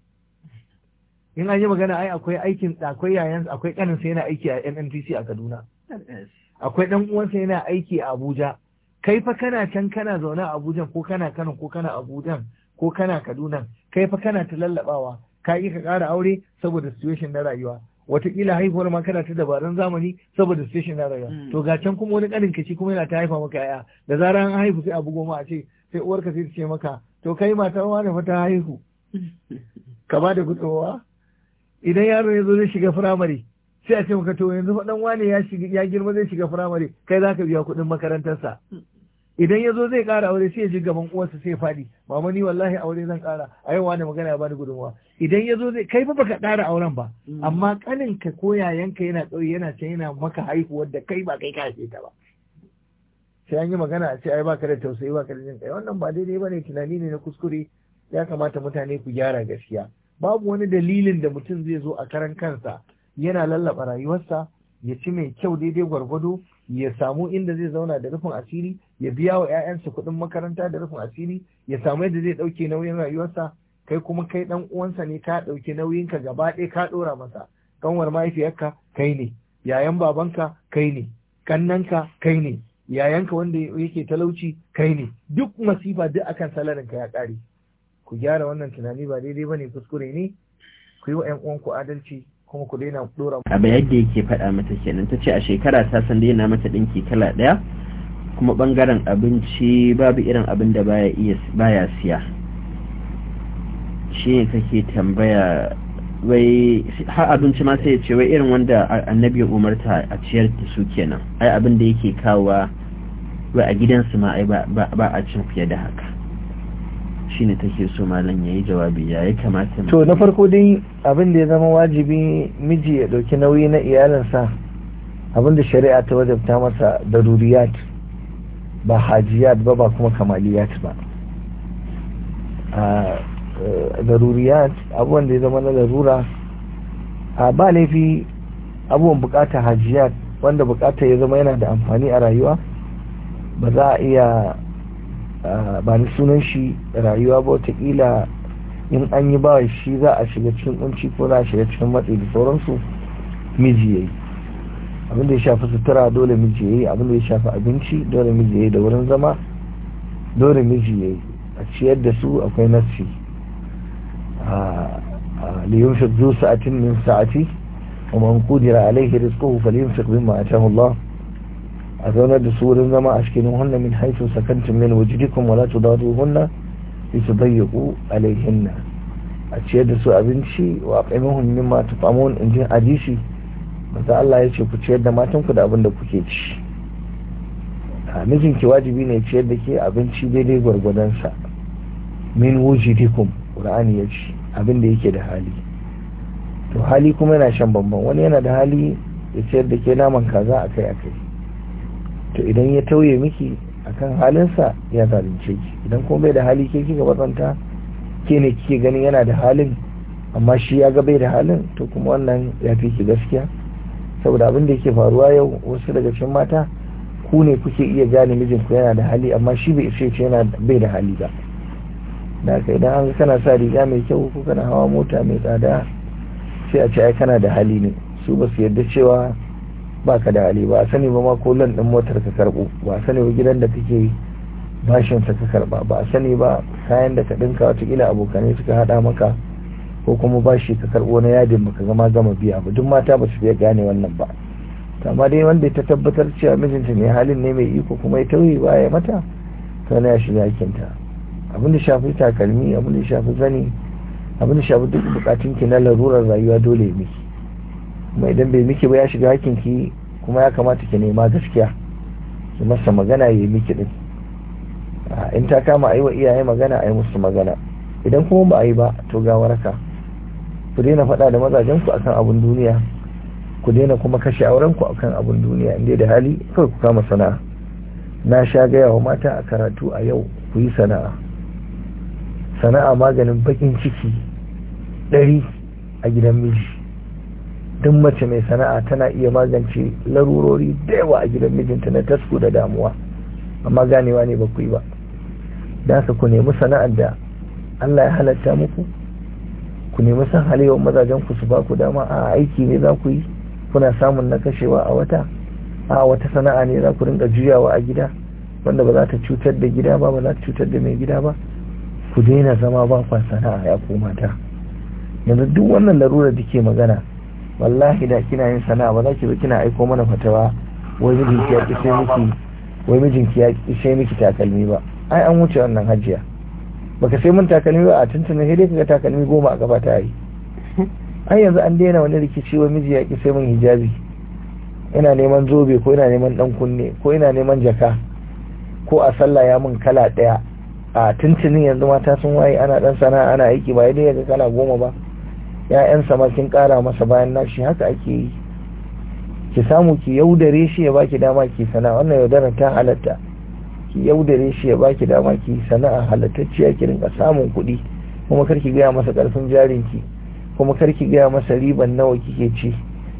in an yi magana ai akwai aikin akwai yayan akwai ƙaninsa yana aiki a NNPC a Kaduna akwai ɗan uwansa yana aiki a Abuja kai fa kana can kana zaune a Abuja ko kana Kano ko kana Abuja ko kana Kaduna kai fa kana ta lallabawa ka yi ka ƙara aure saboda situation na rayuwa wataƙila haihuwar ma kana ta dabarun zamani saboda situation na rayuwa hmm. to ga can kuma wani ƙarin kici kuma yana ta haifa maka yaya da zarar an haihu sai abu goma a ce sai uwarka sai ta ce maka to kai mata wani fa ta haihu ka ba da gudunmawa idan yaro ya zo zai shiga firamare sai a ce maka to yanzu faɗan wane ya girma zai shiga firamare kai za ka biya kuɗin makarantarsa hmm. idan ya zo zai ƙara aure sai ya ji gaban uwarsa sai faɗi mama ni wallahi aure zan ƙara a yau wani magana ya bani gudunmawa idan ya zo zai kai ba baka ƙara auren ba mm. amma kanin ka ko yayanka yana ƙauye yana can yana maka haihuwar da kai ba kai ka ce ta ba sai an yi magana a ce ai baka da tausayi baka da jin kai wannan ba daidai bane tunani ne na kuskure ya kamata mutane ku gyara gaskiya babu wani dalilin da mutum zai zo a karan kansa yana lallaba rayuwarsa ya ci mai kyau daidai gwargwado ya samu inda zai zauna da rufin asiri ya biya wa 'ya'yansa kuɗin makaranta da rufin asiri ya samu yadda zai ɗauke nauyin rayuwarsa kai kuma kai ɗan uwansa ne ka ɗauki nauyinka gaba ɗaya ka ɗora masa ƙanwar mahaifiyarka kai ne yayan babanka kai ne kannanka kai ne yayanka wanda yake talauci kai ne duk masifa duk akan ka ya ƙare ku gyara wannan tunani ba daidai bane kuskure ne ku yi wa 'yan uwanku adalci kuma ku daina dora abu yadda yake faɗa mata kenan tace a shekara ta san yana mata ɗinki kala ɗaya kuma bangaren abinci babu irin abin da baya iya baya siya shi ne kake tambaya wai har abinci ma sai ya ce wai irin wanda annabi ya umarta a ciyar da su kenan ai abin da yake kawowa wai a gidansu ma ai ba a cin fiye da haka shine take so malam yayi jawabi ya yi kamata to na farko dai abin da ya zama wajibi miji ya dauki nauyi na iyalinsa abin da shari'a ta wajabta masa daruriyat ba hajiyat ba ba kuma kamaliyat ba eh, daruriyat abubuwan da ya zama na larura a ba laifi abubuwan bukata hajiyat wanda bukata ya zama yana da amfani a rayuwa ba za a iya Ah, ba ni sunan shi rayuwa ba watakila in an yi ba shi za a shiga cikin kunci ko za a shiga cikin matsi da sauransu miji yayi abinda ya shafi sutura dole miji yayi abinda ya shafi abinci dole miji yayi da wurin zama dole miji yayi a ciyar da su akwai a ah, ah, liyun shi zuwa sa'atin min sa'ati wa man alaihi rizquhu falyunfiq mimma ataahu a zaunar da su wurin zama a cikin hunna min haifu sakantin min wujudikum wala tudadu hunna yusudayyiqu alaihinna a ciyar da su abinci wa qaimuhum mimma tufamun in jin hadisi manzo Allah ya ce ku ciyar da matan ku da abin da kuke ci a mijinki wajibi ne ciyar da ke abinci daidai gwargwadon sa min wujudikum qur'ani ya ce abin da yake da hali to hali kuma yana shan bamban wani yana da hali ya ciyar da ke naman kaza akai akai to idan ya tauye miki akan halinsa ya zalunce ki idan kuma bai da hali ke kika batsanta ke ne kike ganin yana da halin amma shi ya ga bai da halin to kuma wannan ya fi ki gaskiya saboda abin da yake faruwa yau wasu daga cikin mata ku ne kuke iya gane mijin ku yana da hali amma shi bai ce ce yana bai da hali ba da haka idan an kana sa riga mai kyau ko kana hawa mota mai tsada sai a ce ai kana da hali ne su ba su yarda cewa ka da hali ba sani ba ma ko lan din motar ka karbo ba sani ba gidan da kake bashin sa ka karba ba sani ba kayan da ka dinka wata kila abokanai suka hada maka ko kuma bashi ka karbo na yadin ka gama gama biya ba duk mata ba su fiye gane wannan ba amma dai wanda ta tabbatar cewa mijinta ne halin ne mai iko kuma ya tauye ba ya mata to na ya shiga abin da shafi takalmi abin da shafi zani abin da shafi duk bukatun ki na larurar rayuwa dole miki mai idan bai miki ba ya shiga hakinki ki kuma ya kamata ki nema gaskiya ki masa magana yi miki din in ta kama ayi wa iyaye magana a ayi musu magana idan kuma ba ayi ba to ga waraka ku daina faɗa da mazajen ku akan abun duniya ku daina kuma kashe auren ku akan abun duniya inda da hali kawai ku kama sana'a na sha gaya wa mata a karatu a yau ku yi sana'a sana'a maganin bakin ciki ɗari a gidan miji duk mace mai sana'a tana iya magance larurori da yawa a gidan mijinta na tasko da damuwa amma ganewa ne ba ku yi ba da su ku nemi sana'ar da Allah ya halatta muku ku nemi san halayyar mazajen ku su ba ku dama a aiki ne za ku yi kuna samun na kashewa a wata a wata sana'a ne za ku rinka juyawa a gida wanda ba za ta cutar da gida ba ba za ta cutar da mai gida ba ku daina zama ba kwa sana'a ya koma mata yanzu duk wannan larurar da ke magana wallahi da kina yin sana'a ba za ki zo kina aiko mana fatawa wai mijinki ya sai miki wai ki ya sai miki takalmi ba ai an wuce wannan hajiya baka sai mun takalmi ba a tuntuna sai dai kaga takalmi goma a gaba ta yi ai yanzu an daina wani rikici wai miji ya sai mun hijabi ina neman zobe ko ina neman dan kunne ko ina neman jaka ko a sallah ya mun kala daya a tuntunin yanzu mata sun waye ana dan sana'a ana aiki ba dai ya ga kala goma ba ya'yansa ma sun ƙara masa bayan nashi haka ake yi ki samu ki yaudare shi ya baki dama ki sana wannan yaudarar ta halatta ki yaudare shi ya baki dama ki sana'a halattacciya ki rinka samun kuɗi kuma kar ki gaya masa ƙarfin jarin ki kuma kar ki gaya masa riban nawa kike ci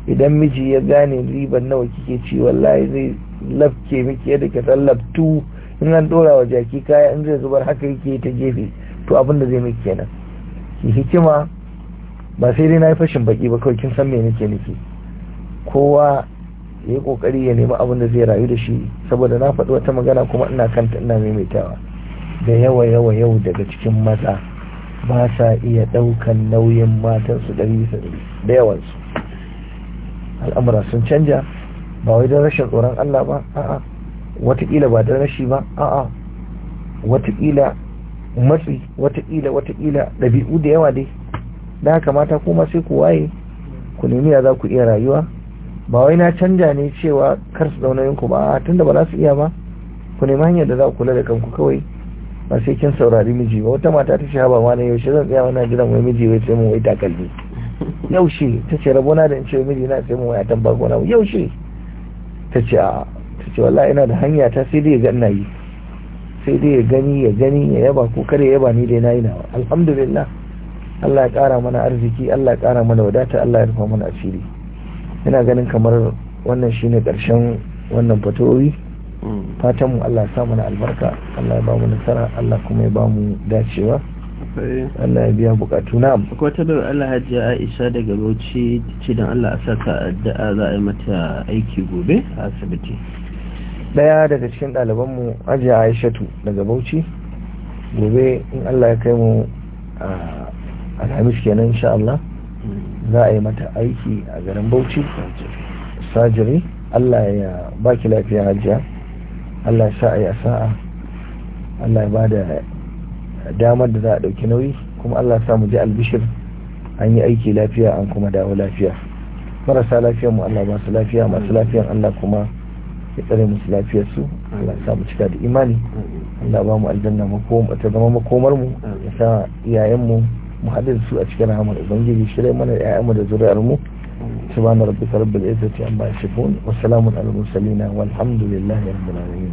idan miji ya gane riban nawa kike ci wallahi zai lafke miki yadda ka tallabtu in an dora wa jaki kaya in zai zubar haka yake ta gefe to abin da zai miki kenan ki hikima ba sai dai na yi fashin baki ba kawai kin san me nake nufi kowa ya yi kokari ya nemi abin da zai rayu da shi saboda na faɗi wata magana kuma ina kanta ina maimaitawa da yawa yawa yau daga cikin maza ba sa iya ɗaukan nauyin matansu ɗari da yawansu al'amura sun canja ba wai don rashin tsoron Allah ba a'a watakila ba don rashi ba a'a watakila matsi watakila watakila ɗabi'u da yawa dai da haka mata kuma sai ku waye ku nemi ya za ku iya rayuwa ba wai na canja ne cewa kar su zauna yanku ba tunda ba za su iya ba ku nemi hanyar da za ku kula da kanku kawai ba sai kin saurari miji ba wata mata ta shaba ma na yaushe zan tsaya wani jiran wai miji wai sai mun wai takalmi yaushe ta ce rabona da in ce miji na sai mun wai atan bako na yaushe ta ce a ta ce wallahi ina da hanya ta sai dai ga yi sai dai ya gani ya gani ya yaba ko kare ya yaba ni dai na yi na alhamdulillah Allah ya kara mana arziki Allah ya kara mana wadata Allah ya rufa mana asiri ina ganin kamar wannan shine ƙarshen wannan fatowi mm. fatan mu Allah ya sa mana albarka Allah ya ba mu nasara Allah kuma ya ba mu dacewa Allah ya biya bukatu na akwai ta bayar Allah hajji Aisha daga Bauchi ce don Allah a saka addu'a za a yi mata aiki gobe a asibiti daya daga cikin mu ajiya Aishatu daga Bauchi gobe in Allah ya kai mu ah, alhamis kenan insha Allah za a yi mata aiki a garin bauchi sajiri Allah ya baki lafiya hajiya Allah ya sa a yi sa'a Allah ya ba da damar da za a dauki nauyi kuma Allah ya sa mu ji albishir an yi aiki lafiya an kuma dawo lafiya marasa lafiya mu Allah ba su lafiya masu lafiya Allah kuma ya tsare musu lafiyar su Allah ya sa mu cika da imani Allah ba mu aljanna ta zama makomar mu ya sa iyayen mu mu haɗe da su a cikin rahamar ubangiji shirya mana mu da zuri'ar mu subhana rabbika rabbil izzati amma yasifun wa salamun alal mursalin walhamdulillahi rabbil alamin